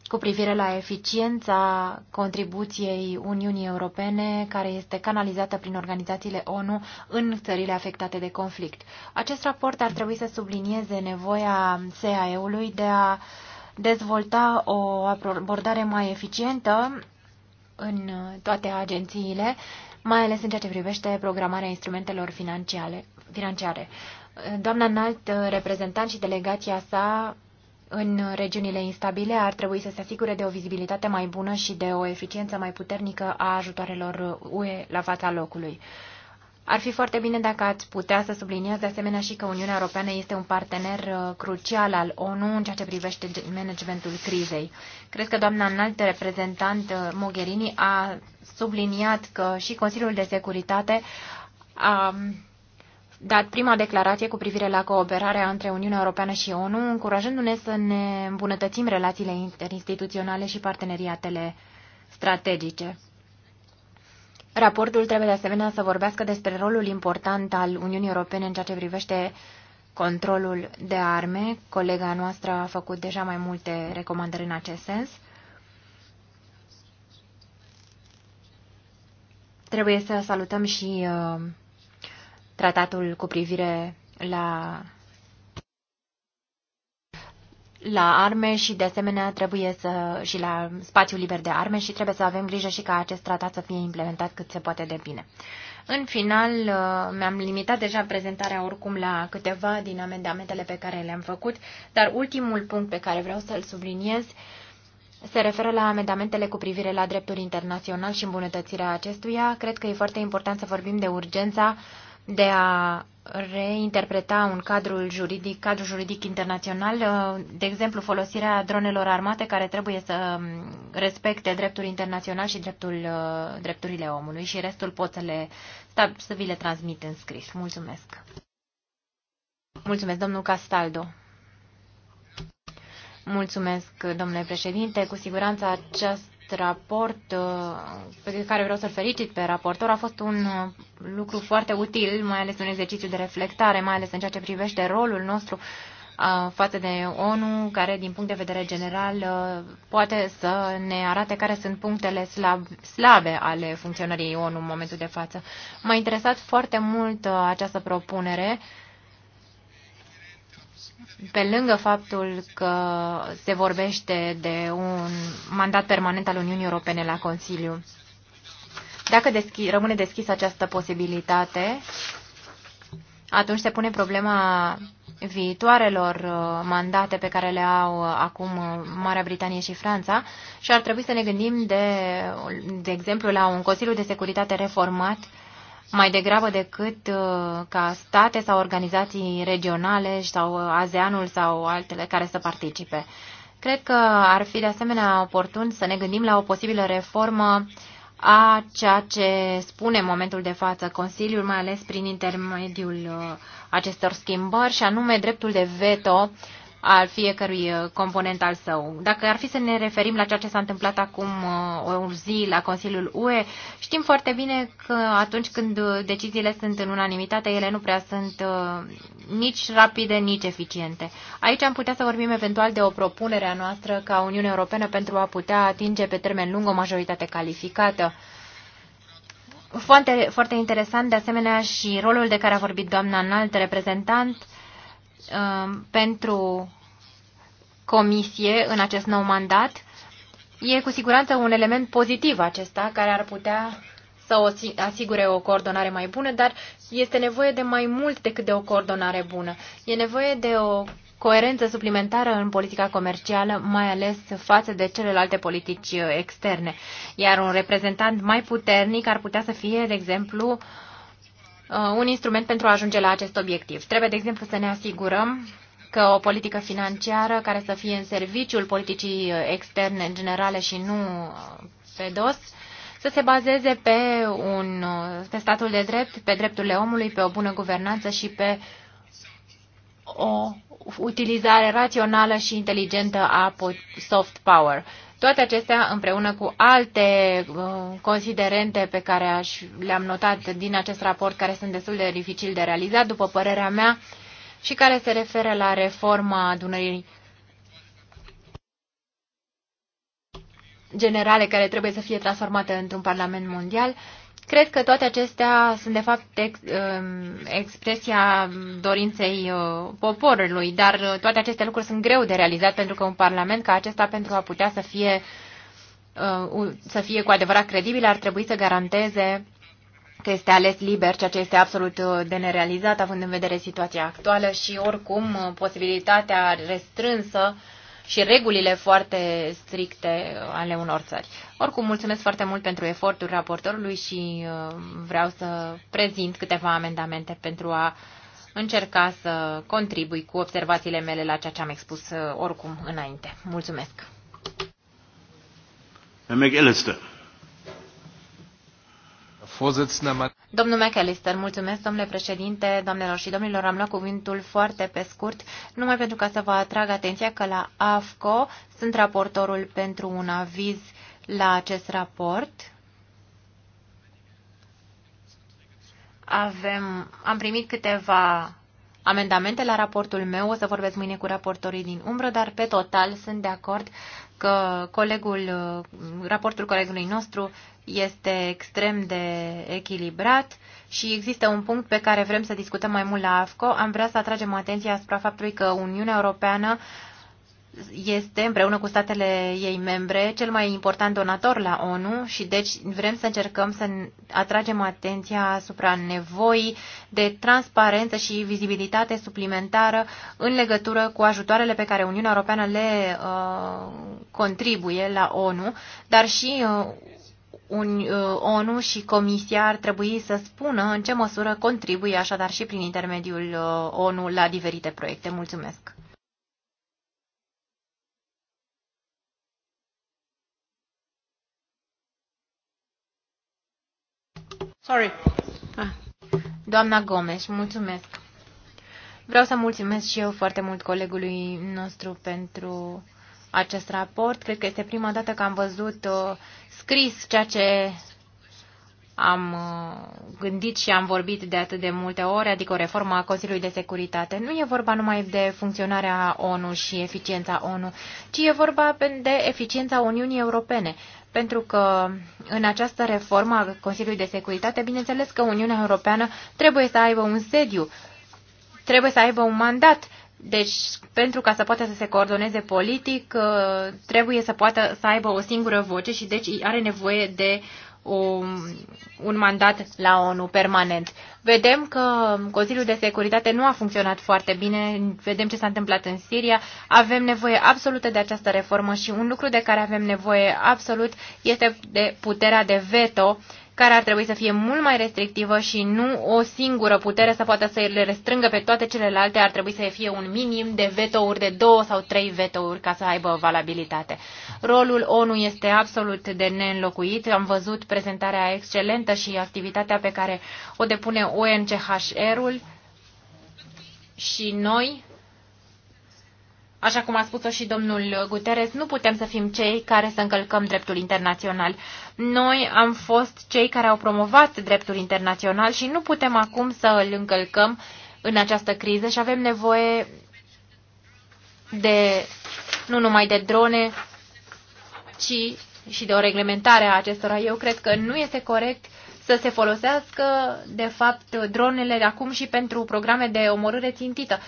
cu privire la eficiența contribuției Uniunii Europene, care este canalizată prin organizațiile ONU în țările afectate de conflict. Acest raport ar trebui să sublinieze nevoia SAE-ului de a dezvolta o abordare mai eficientă în toate agențiile mai ales în ceea ce privește programarea instrumentelor financiare. financiare. Doamna înalt uh, reprezentant și delegația sa în regiunile instabile ar trebui să se asigure de o vizibilitate mai bună și de o eficiență mai puternică a ajutoarelor UE uh, la fața locului. Ar fi foarte bine dacă ați putea să subliniați de asemenea și că Uniunea Europeană este un partener uh, crucial al ONU în ceea ce privește managementul crizei. Cred că doamna înalt reprezentant uh, Mogherini a subliniat că și Consiliul de Securitate a um, dat prima declarație cu privire la cooperarea între Uniunea Europeană și ONU, încurajându-ne să ne îmbunătățim relațiile interinstituționale și parteneriatele strategice. Raportul trebuie de asemenea să vorbească despre rolul important al Uniunii Europene în ceea ce privește controlul de arme. Colega noastră a făcut deja mai multe recomandări în acest sens. Trebuie să salutăm și uh, tratatul cu privire la la arme și de asemenea trebuie să și la spațiul liber de arme și trebuie să avem grijă și ca acest tratat să fie implementat cât se poate de bine. În final, uh, mi-am limitat deja prezentarea oricum la câteva din amendamentele pe care le-am făcut, dar ultimul punct pe care vreau să-l subliniez se referă la amendamentele cu privire la dreptul internațional și îmbunătățirea acestuia. Cred că e foarte important să vorbim de urgența uh, de a reinterpreta un cadru juridic, cadru juridic internațional, uh, de exemplu folosirea dronelor armate care trebuie să um, respecte dreptul internațional și dreptul, uh, drepturile omului și restul pot să, le, să vi le transmit în scris. Mulțumesc. Mulțumesc, domnul Castaldo. Mulțumesc, domnule președinte. Cu siguranță acest raport uh, pe care vreau să-l felicit pe raportor a fost un uh, lucru foarte util, mai ales un exercițiu de reflectare, mai ales în ceea ce privește rolul nostru uh, față de ONU, care din punct de vedere general poate să ne arate care sunt punctele slab, slabe ale funcționării ONU în momentul de față. M-a interesat foarte mult această propunere pe lângă faptul că se vorbește de un mandat permanent al Uniunii Europene la Consiliu, dacă deschi rămâne deschisă această posibilitate, atunci se pune problema viitoarelor uh, mandate pe care le au uh, acum uh, Marea Britanie și Franța și ar trebui să ne gândim, de, de exemplu, la un Consiliu de Securitate reformat mai degrabă decât uh, ca state sau organizații regionale sau uh, ASEANul sau altele care să participe. Cred că ar fi de asemenea oportun să ne gândim la o posibilă reformă a ceea ce spune în momentul de față Consiliul, mai ales prin intermediul uh, acestor schimbări, și anume dreptul de veto al fiecărui uh, component al său. Dacă ar fi să ne referim la ceea ce s-a întâmplat acum uh, o zi la Consiliul UE, știm foarte bine că atunci când uh, deciziile sunt în unanimitate, ele nu prea sunt nici rapide, nici eficiente. Aici am putea să vorbim eventual de o propunere a noastră ca Uniunea Europeană pentru a putea atinge pe termen lung o majoritate calificată. Foarte, foarte interesant, de asemenea, și rolul de care a vorbit doamna înalt reprezentant uh, Um, pentru comisie în acest nou mandat. E cu siguranță un element pozitiv acesta care ar putea să o asigure o coordonare mai bună, dar este nevoie de mai mult decât de o coordonare bună. E nevoie de o coerență suplimentară în politica comercială, mai ales față de celelalte politici uh, externe. Iar un reprezentant mai puternic ar putea să fie, de exemplu, uh, Uh, un instrument pentru a ajunge la acest obiectiv. Trebuie, de exemplu, să ne asigurăm că o politică financiară care să fie în serviciul politicii externe în generale și nu uh, pe dos, să se bazeze pe, un, uh, pe statul de drept, pe drepturile omului, pe o bună guvernanță și pe o utilizare rațională și inteligentă a soft power. Toate acestea împreună cu alte uh, considerente pe care aș, le-am notat din acest raport, care sunt destul de dificil de realizat, după părerea mea, și care se referă la reforma adunării generale care trebuie să fie transformată într-un parlament mondial, Cred că toate acestea sunt de fapt ex, um, expresia dorinței uh, poporului, dar uh, toate aceste lucruri sunt greu de realizat pentru că un parlament ca acesta pentru a putea să fie, uh, să fie cu adevărat credibil ar trebui să garanteze că este ales liber, ceea ce este absolut de nerealizat având în vedere situația actuală și oricum posibilitatea restrânsă și regulile foarte stricte ale unor țări. Oricum, mulțumesc foarte mult pentru efortul raportorului și uh, vreau să prezint câteva amendamente pentru a încerca să contribui cu observațiile mele la ceea ce am expus uh, oricum înainte. Mulțumesc! McAllister. Domnul McAllister, mulțumesc, domnule președinte, doamnelor și domnilor, am luat cuvântul foarte pe scurt, numai pentru ca să vă atrag atenția că la AFCO sunt raportorul pentru un aviz la acest raport. Avem, am primit câteva amendamente la raportul meu, o să vorbesc mâine cu raportorii din umbră, dar pe total sunt de acord că colegul, uh, raportul colegului nostru este extrem de echilibrat și există un punct pe care vrem să discutăm mai mult la AFCO. Am vrea să atragem atenția asupra faptului că Uniunea Europeană este, împreună cu statele ei membre, cel mai important donator la ONU și deci vrem să încercăm să atragem atenția asupra nevoii de transparență și vizibilitate suplimentară în legătură cu ajutoarele pe care Uniunea Europeană le uh, contribuie la ONU, dar și uh, un, uh, ONU și Comisia ar trebui să spună în ce măsură contribuie așadar și prin intermediul uh, ONU la diferite proiecte. Mulțumesc! Sorry. Ah. Doamna Gomes, mulțumesc. Vreau să mulțumesc și eu foarte mult colegului nostru pentru acest raport. Cred că este prima dată că am văzut uh, scris ceea ce am uh, gândit și am vorbit de atât de multe ori, adică o reformă a Consiliului de Securitate. Nu e vorba numai de funcționarea ONU și eficiența ONU, ci e vorba de eficiența Uniunii Europene. Pentru că în această reformă a Consiliului de Securitate, bineînțeles că Uniunea Europeană trebuie să aibă un sediu, trebuie să aibă un mandat, deci, pentru ca să poată să se coordoneze politic, uh, trebuie să poată să aibă o singură voce și deci are nevoie de o, un mandat la ONU permanent. Vedem că Consiliul de Securitate nu a funcționat foarte bine, vedem ce s-a întâmplat în Siria, avem nevoie absolută de această reformă și un lucru de care avem nevoie absolut este de puterea de veto uh, care ar trebui să fie mult mai restrictivă și nu o singură putere să poată să le restrângă pe toate celelalte, ar trebui să fie un minim de vetouri, de două sau trei vetouri ca să aibă valabilitate. Rolul ONU este absolut de neînlocuit. Am văzut prezentarea excelentă și activitatea pe care o depune UNCHR-ul și noi Așa cum a spus-o și domnul Guterres, nu putem să fim cei care să încălcăm dreptul internațional. Noi am fost cei care au promovat dreptul internațional și nu putem acum să îl încălcăm în această criză și avem nevoie de nu numai de drone, ci și de o reglementare a acestora. Eu cred că nu este corect să se folosească, de fapt, dronele acum și pentru programe de omorâre țintită.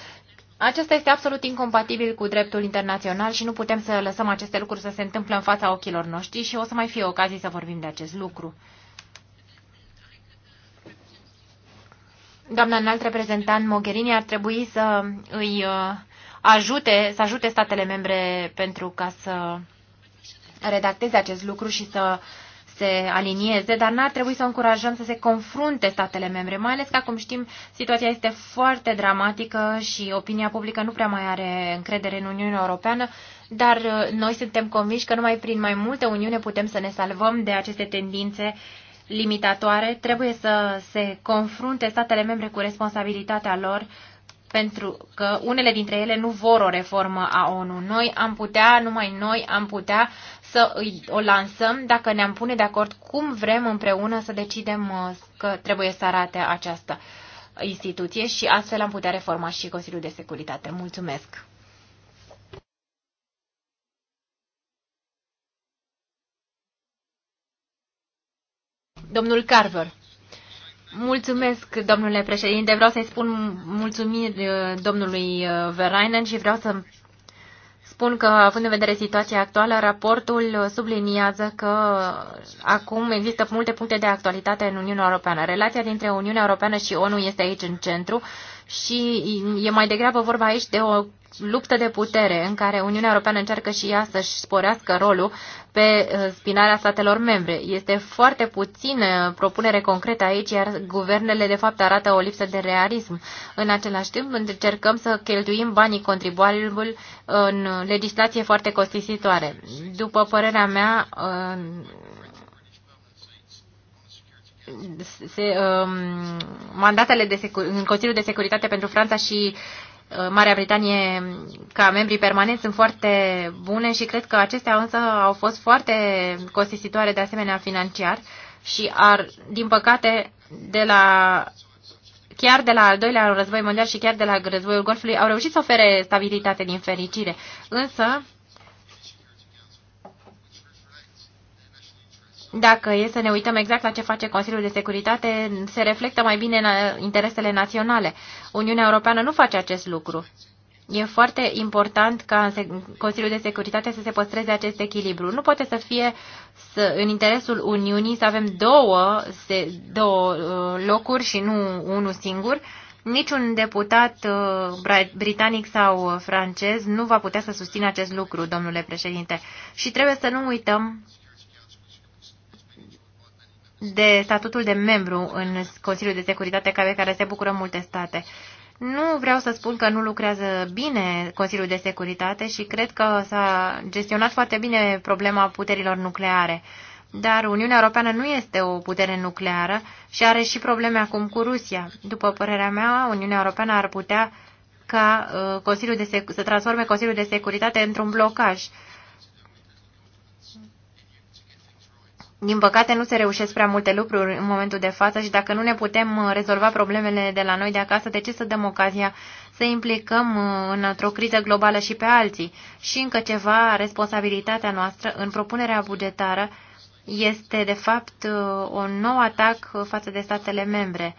Acesta este absolut incompatibil cu dreptul internațional și nu putem să lăsăm aceste lucruri să se întâmple în fața ochilor noștri și o să mai fie ocazii să vorbim de acest lucru. Doamna înalt reprezentant Mogherini ar trebui să îi uh, ajute, să ajute statele membre pentru ca să redacteze acest lucru și să uh, se alinieze, dar n-ar trebui să încurajăm să se confrunte statele membre, mai ales că, cum știm, situația este foarte dramatică și opinia publică nu prea mai are încredere în Uniunea Europeană, dar uh, noi suntem convinși că numai prin mai multe Uniune putem să ne salvăm de aceste tendințe limitatoare. Trebuie să se confrunte statele membre cu responsabilitatea lor pentru că unele dintre ele nu vor o reformă a ONU. Noi am putea, numai noi am putea să îi, o lansăm dacă ne-am pune de acord cum vrem împreună să decidem uh, că trebuie să arate această instituție și astfel am putea reforma și Consiliul de Securitate. Mulțumesc! Domnul Carver. Mulțumesc, domnule președinte. Vreau să-i spun mulțumiri uh, domnului uh, Verainen și vreau să spun că, având în vedere situația actuală, raportul subliniază că acum există multe puncte de actualitate în Uniunea Europeană. Relația dintre Uniunea Europeană și ONU este aici în centru și e mai degrabă vorba aici de o luptă de putere în care Uniunea Europeană încearcă și ea să-și sporească rolul pe uh, spinarea statelor membre. Este foarte puțină propunere concretă aici, iar guvernele de fapt arată o lipsă de realism. În același timp încercăm să cheltuim banii contribuabil în legislație foarte costisitoare. După părerea mea, se, um, mandatele de în Consiliul de Securitate pentru Franța și uh, Marea Britanie ca membrii permanenți sunt foarte bune și cred că acestea însă au fost foarte costisitoare de asemenea financiar și ar, din păcate, de la chiar de la al doilea război mondial și chiar de la războiul Golfului, au reușit să ofere stabilitate din fericire. Însă, Dacă e să ne uităm exact la ce face Consiliul de Securitate, se reflectă mai bine în uh, interesele naționale. Uniunea Europeană nu face acest lucru. E foarte important ca în Consiliul de Securitate să se păstreze acest echilibru. Nu poate să fie să, în interesul Uniunii să avem două, se, două uh, locuri și nu unul singur. Niciun deputat uh, britanic sau francez nu va putea să susțină acest lucru, domnule președinte. Și trebuie să nu uităm de statutul de membru în Consiliul de Securitate care, care se bucură multe state. Nu vreau să spun că nu lucrează bine Consiliul de Securitate și cred că s-a gestionat foarte bine problema puterilor nucleare. Dar Uniunea Europeană nu este o putere nucleară și are și probleme acum cu Rusia. După părerea mea, Uniunea Europeană ar putea ca uh, Consiliul de să transforme Consiliul de Securitate într-un blocaj. Din păcate nu se reușesc prea multe lucruri în momentul de față și dacă nu ne putem uh, rezolva problemele de la noi de acasă, de ce să dăm ocazia să implicăm uh, într-o criză globală și pe alții? Și încă ceva, responsabilitatea noastră în propunerea bugetară este de fapt uh, un nou atac față de statele membre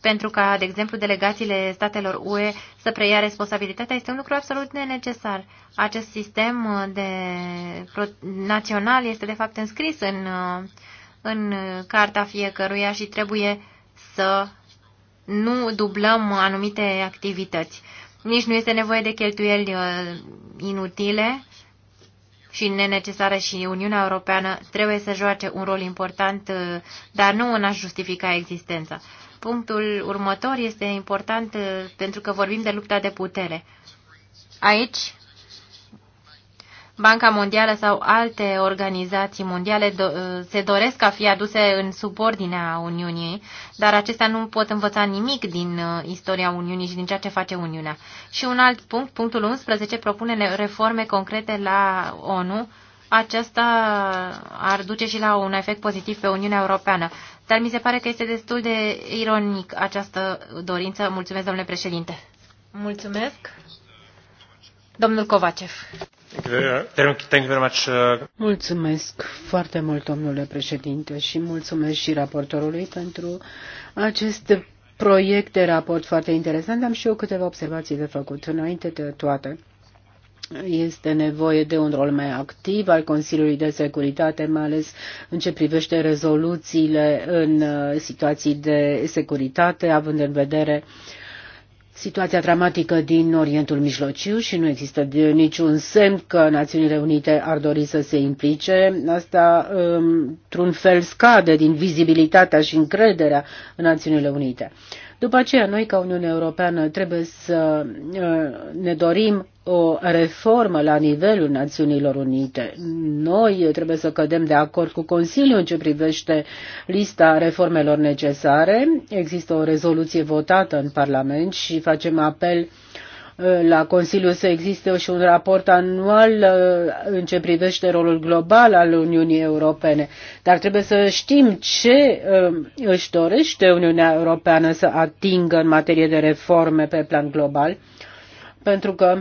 pentru ca, de exemplu, delegațiile statelor UE să preia responsabilitatea, este un lucru absolut nenecesar. Acest sistem de național este, de fapt, înscris în, în carta fiecăruia și trebuie să nu dublăm anumite activități. Nici nu este nevoie de cheltuieli uh, inutile și nenecesare și Uniunea Europeană trebuie să joace un rol important, uh, dar nu în a justifica existența. Punctul următor este important uh, pentru că vorbim de lupta de putere. Aici, Banca Mondială sau alte organizații mondiale uh, se doresc a fi aduse în subordinea Uniunii, dar acestea nu pot învăța nimic din uh, istoria Uniunii și din ceea ce face Uniunea. Și un alt punct, punctul 11, propune reforme concrete la ONU aceasta ar duce și la un efect pozitiv pe Uniunea Europeană. Dar mi se pare că este destul de ironic această dorință. Mulțumesc, domnule președinte. Mulțumesc. Domnul Kovacev. Uh, mulțumesc foarte mult, domnule președinte, și mulțumesc și raportorului pentru acest proiect de raport foarte interesant. Am și eu câteva observații de făcut înainte de toate. Este nevoie de un rol mai activ al Consiliului de Securitate, mai ales în ce privește rezoluțiile în uh, situații de securitate, având în vedere situația dramatică din Orientul Mijlociu și nu există niciun semn că Națiunile Unite ar dori să se implice. Asta, um, într-un fel, scade din vizibilitatea și încrederea în Națiunile Unite. După aceea, noi ca Uniunea Europeană trebuie să uh, ne dorim o reformă la nivelul Națiunilor Unite. Noi trebuie să cădem de acord cu Consiliul în ce privește lista reformelor necesare. Există o rezoluție votată în Parlament și facem apel uh, la Consiliu să existe și un raport anual uh, în ce privește rolul global al Uniunii Europene. Dar trebuie să știm ce um, își dorește Uniunea Europeană să atingă în materie de reforme pe plan global, pentru că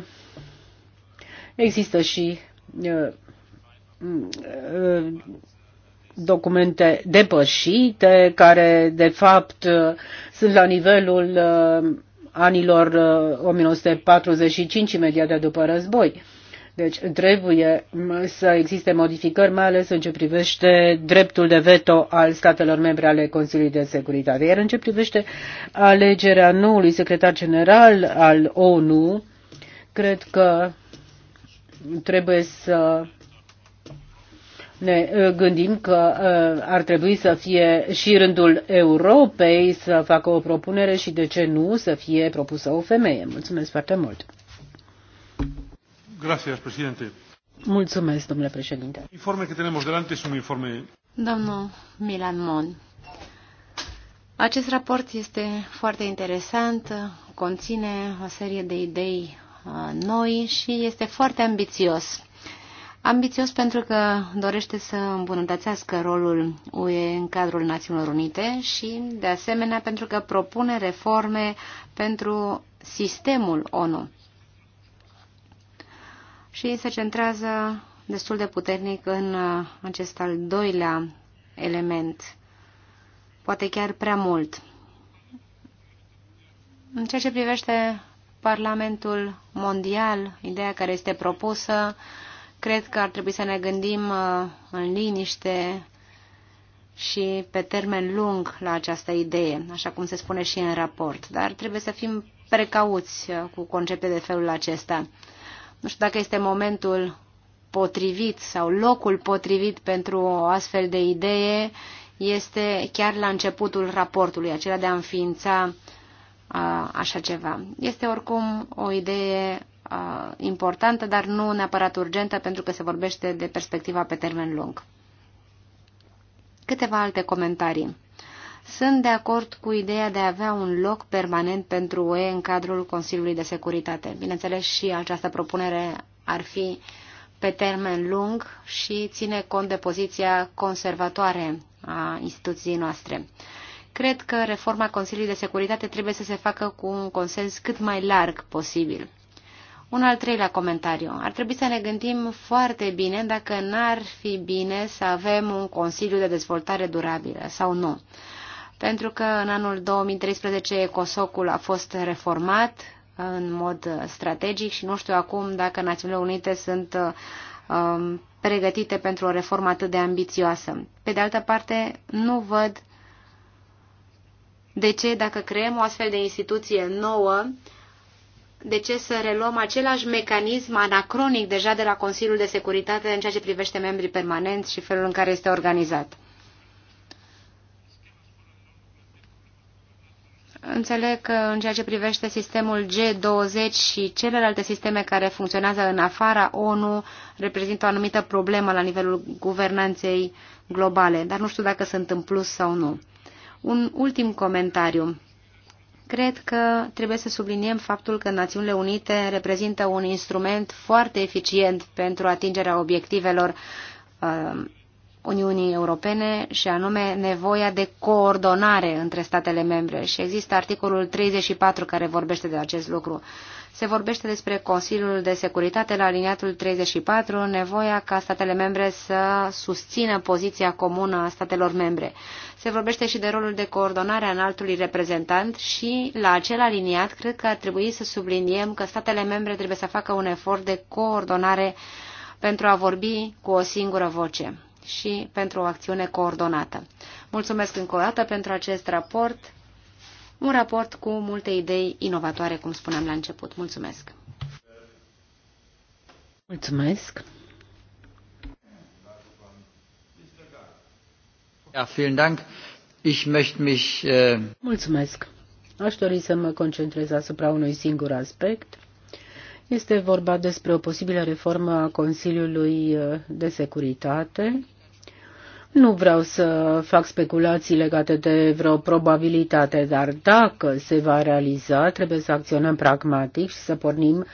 există și uh, uh, documente depășite, care de fapt sunt la nivelul anilor 1945, uh, imediat de după război. Deci trebuie să existe modificări, mai ales în ce privește dreptul de veto al statelor membre ale Consiliului de Securitate. Iar în ce privește alegerea noului secretar general al ONU, cred că trebuie să ne ă, gândim că ă, ar trebui să fie și rândul Europei să facă o propunere și de ce nu să fie propusă o femeie. Mulțumesc foarte mult. Gracias, presidente. Mulțumesc, domnule președinte. Informe că tenemos delante sunt informe. Domnul Milan Mon. Acest raport este foarte interesant, conține o serie de idei ă, noi și este foarte ambițios. Ambițios pentru că dorește să îmbunătățească rolul UE în cadrul Națiunilor Unite și, de asemenea, pentru că propune reforme pentru sistemul ONU. Și se centrează destul de puternic în uh, acest al doilea element, poate chiar prea mult. În ceea ce privește Parlamentul Mondial, ideea care este propusă, Cred că ar trebui să ne gândim uh, în liniște și pe termen lung la această idee, așa cum se spune și în raport, dar trebuie să fim precauți uh, cu concepte de felul acesta. Nu știu dacă este momentul potrivit sau locul potrivit pentru o astfel de idee este chiar la începutul raportului, acela de a înființa a, uh, așa ceva. Este oricum o idee importantă, dar nu neapărat urgentă, pentru că se vorbește de perspectiva pe termen lung. Câteva alte comentarii. Sunt de acord cu ideea de a avea un loc permanent pentru UE în cadrul Consiliului de Securitate. Bineînțeles, și această propunere ar fi pe termen lung și ține cont de poziția conservatoare a instituției noastre. Cred că reforma Consiliului de Securitate trebuie să se facă cu un consens cât mai larg posibil. Un al treilea comentariu. Ar trebui să ne gândim foarte bine dacă n-ar fi bine să avem un Consiliu de Dezvoltare Durabilă sau nu. Pentru că în anul 2013 ECOSOC-ul a fost reformat în mod strategic și nu știu acum dacă Națiunile Unite sunt um, pregătite pentru o reformă atât de ambițioasă. Pe de altă parte, nu văd de ce dacă creăm o astfel de instituție nouă, uh, de ce să reluăm același mecanism anacronic deja de la Consiliul de Securitate în ceea ce privește membrii permanenți și felul în care este organizat. Înțeleg că în ceea ce privește sistemul G20 și celelalte sisteme care funcționează în afara ONU reprezintă o anumită problemă la nivelul guvernanței globale, dar nu știu dacă sunt în plus sau nu. Un ultim comentariu. Cred că trebuie să subliniem faptul că Națiunile Unite reprezintă un instrument foarte eficient pentru atingerea obiectivelor uh, Uniunii Europene și anume nevoia de coordonare între statele membre și există articolul 34 care vorbește de acest lucru. Uh, se vorbește despre Consiliul de Securitate la aliniatul 34, nevoia ca statele membre să susțină poziția comună a statelor membre. Se vorbește și de rolul de coordonare a înaltului reprezentant și la acel aliniat cred că ar trebui să subliniem că statele membre trebuie să facă un efort de coordonare pentru a vorbi cu o singură voce și pentru o acțiune coordonată. Mulțumesc încă o dată pentru acest raport un raport cu multe idei inovatoare, cum spuneam la început. Mulțumesc! Mulțumesc! Ja, vielen Dank. Ich möchte mich, äh... Mulțumesc! Aș dori să mă concentrez asupra unui singur aspect. Este vorba despre o posibilă reformă a Consiliului äh, de Securitate nu vreau să fac speculații legate de vreo probabilitate, dar dacă se va realiza, trebuie să acționăm pragmatic și să pornim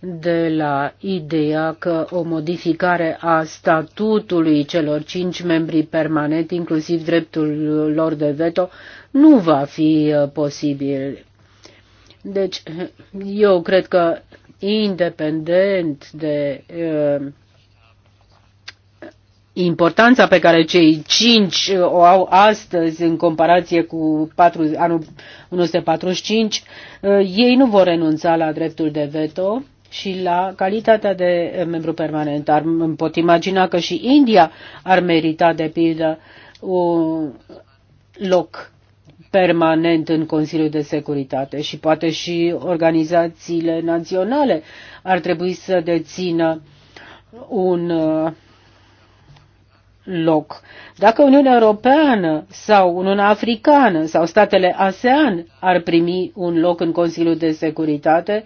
de la ideea că o modificare a statutului celor cinci membri permanent, inclusiv dreptul lor de veto, nu va fi uh, posibil. Deci, eu cred că independent de uh, importanța pe care cei cinci uh, o au astăzi în comparație cu 4, anul 1945, uh, ei nu vor renunța la dreptul de veto și la calitatea de membru permanent. Ar, îmi pot imagina că și India ar merita, de pildă, un loc permanent în Consiliul de Securitate și poate și organizațiile naționale ar trebui să dețină un uh, loc. Dacă Uniunea Europeană sau Uniunea Africană sau statele ASEAN ar primi un loc în Consiliul de Securitate,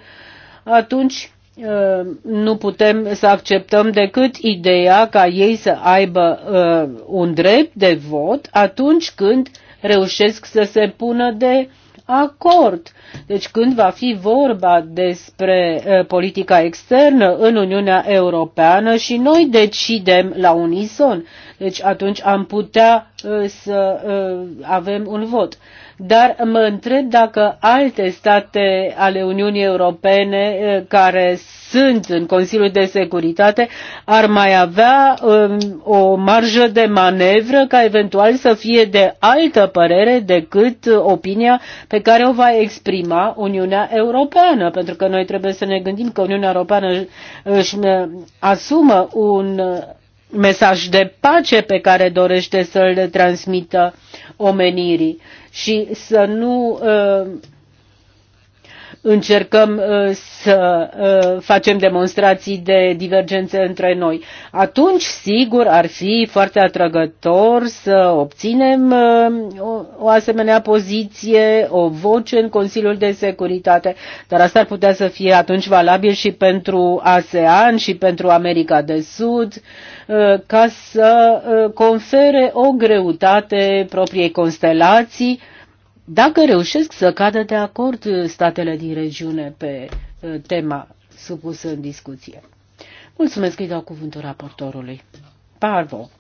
atunci uh, nu putem să acceptăm decât ideea ca ei să aibă uh, un drept de vot atunci când reușesc să se pună de acord. Deci când va fi vorba despre eh, politica externă în Uniunea Europeană și noi decidem la unison, deci atunci am putea eh, să eh, avem un vot dar mă întreb dacă alte state ale Uniunii Europene eh, care sunt în Consiliul de Securitate ar mai avea um, o marjă de manevră ca eventual să fie de altă părere decât opinia pe care o va exprima Uniunea Europeană, pentru că noi trebuie să ne gândim că Uniunea Europeană își eh, asumă un eh, mesaj de pace pe care dorește să-l transmită omenirii și să nu uh, încercăm uh, să uh, facem demonstrații de divergențe între noi. Atunci, sigur, ar fi foarte atrăgător să obținem uh, o asemenea poziție, o voce în Consiliul de Securitate, dar asta ar putea să fie atunci valabil și pentru ASEAN și pentru America de Sud, ca să confere o greutate propriei constelații dacă reușesc să cadă de acord statele din regiune pe uh, tema supusă în discuție. Mulțumesc că îi dau cuvântul raportorului. Parvo.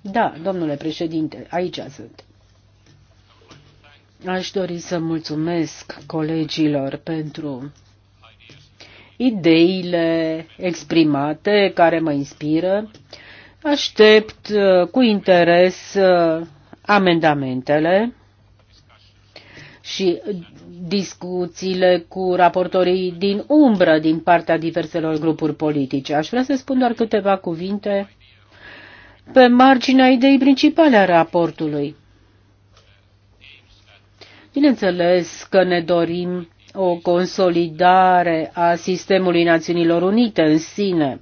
Da, domnule președinte, aici sunt. Aș dori să mulțumesc colegilor pentru ideile exprimate care mă inspiră. Aștept uh, cu interes uh, amendamentele și discuțiile cu raportorii din umbră din partea diverselor grupuri politice. Aș vrea să spun doar câteva cuvinte pe marginea ideii principale a raportului. Bineînțeles că ne dorim o consolidare a sistemului Națiunilor Unite în sine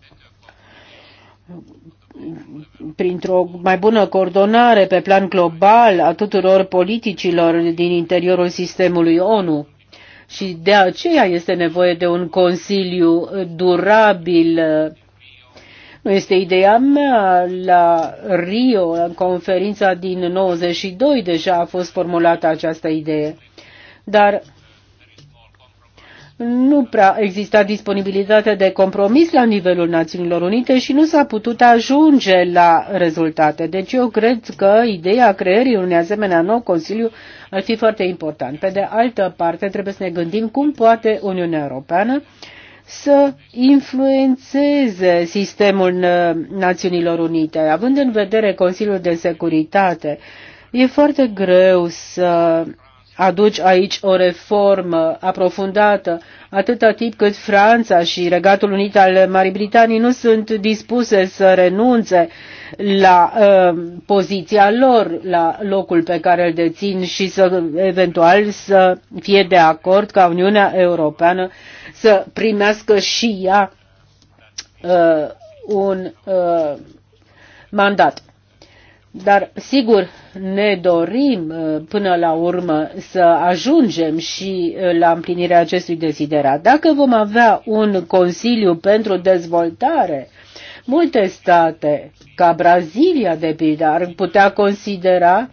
printr-o mai bună coordonare pe plan global a tuturor politicilor din interiorul sistemului ONU. Și de aceea este nevoie de un consiliu durabil. Nu este ideea mea la Rio, în conferința din 92 deja a fost formulată această idee. Dar nu prea exista disponibilitate de compromis la nivelul Națiunilor Unite și nu s-a putut ajunge la rezultate. Deci eu cred că ideea creării unui asemenea nou Consiliu ar fi foarte important. Pe de altă parte, trebuie să ne gândim cum poate Uniunea Europeană să influențeze sistemul uh, Națiunilor Unite, având în vedere Consiliul de Securitate. E foarte greu să aduci aici o reformă aprofundată, atâta timp cât Franța și Regatul Unit al Marii Britanii nu sunt dispuse să renunțe la uh, poziția lor, la locul pe care îl dețin și să eventual să fie de acord ca Uniunea Europeană să primească și ea uh, un uh, mandat. Dar, sigur, ne dorim uh, până la urmă să ajungem și uh, la împlinirea acestui deziderat. Dacă vom avea un Consiliu pentru dezvoltare, multe state, ca Brazilia de pildă, ar putea considera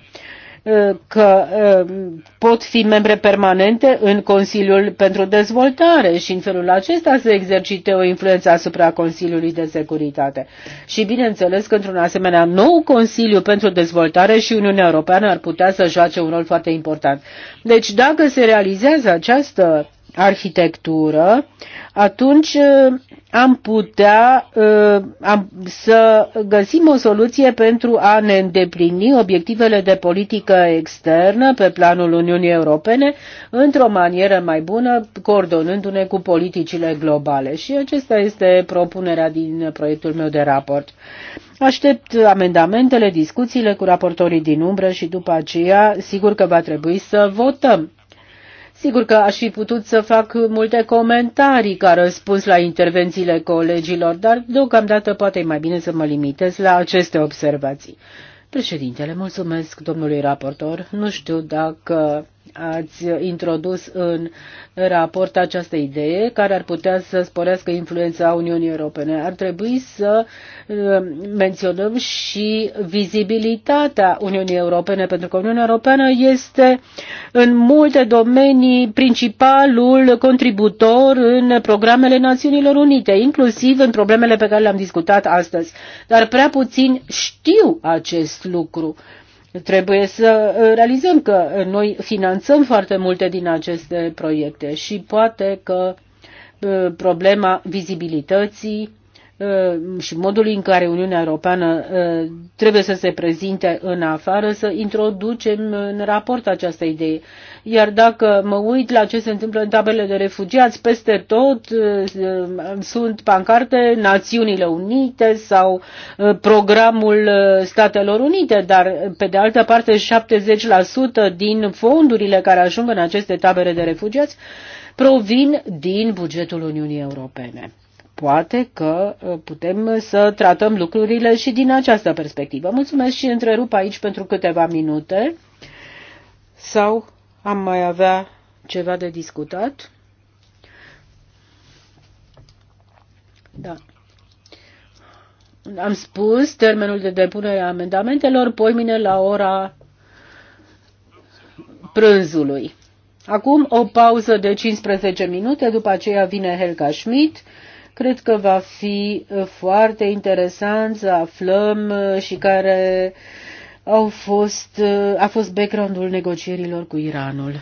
Uh, că uh, pot fi membre permanente în Consiliul pentru Dezvoltare și în felul acesta să exercite o influență asupra Consiliului de Securitate. Și bineînțeles că într-un asemenea nou Consiliu pentru Dezvoltare și Uniunea Europeană ar putea să joace un rol foarte important. Deci dacă se realizează această arhitectură, atunci uh, am putea uh, am, să găsim o soluție pentru a ne îndeplini obiectivele de politică externă pe planul Uniunii Europene într-o manieră mai bună, coordonându-ne cu politicile globale. Și acesta este propunerea din proiectul meu de raport. Aștept amendamentele, discuțiile cu raportorii din umbră și după aceea sigur că va trebui să votăm. Sigur că aș fi putut să fac multe comentarii ca răspuns la intervențiile colegilor, dar deocamdată poate e mai bine să mă limitez la aceste observații. Președintele, mulțumesc domnului raportor. Nu știu dacă ați introdus în raport această idee care ar putea să sporească influența Uniunii Europene. Ar trebui să uh, menționăm și vizibilitatea Uniunii Europene, pentru că Uniunea Europeană este în multe domenii principalul contributor în programele Națiunilor Unite, inclusiv în problemele pe care le-am discutat astăzi. Dar prea puțin știu acest lucru. Trebuie să uh, realizăm că noi finanțăm foarte multe din aceste proiecte și poate că uh, problema vizibilității uh, și modul în care Uniunea Europeană trebuie să se prezinte în afară, să introducem în raport această idee. Iar dacă mă uit la ce se întâmplă în tabele de refugiați, peste tot uh, uh, sunt pancarte Națiunile Unite sau uh, programul Statelor Unite, dar pe de altă parte 70% din fondurile care ajung în aceste tabere de refugiați provin din bugetul Uniunii Europene poate că putem să tratăm lucrurile și din această perspectivă. Mulțumesc și întrerup aici pentru câteva minute sau am mai avea ceva de discutat? Da. Am spus termenul de depunere a amendamentelor poimine la ora prânzului. Acum o pauză de 15 minute, după aceea vine Helga Schmidt. Cred că va fi foarte interesant să aflăm și care au fost, uh, a fost backgroundul negocierilor cu Iranul.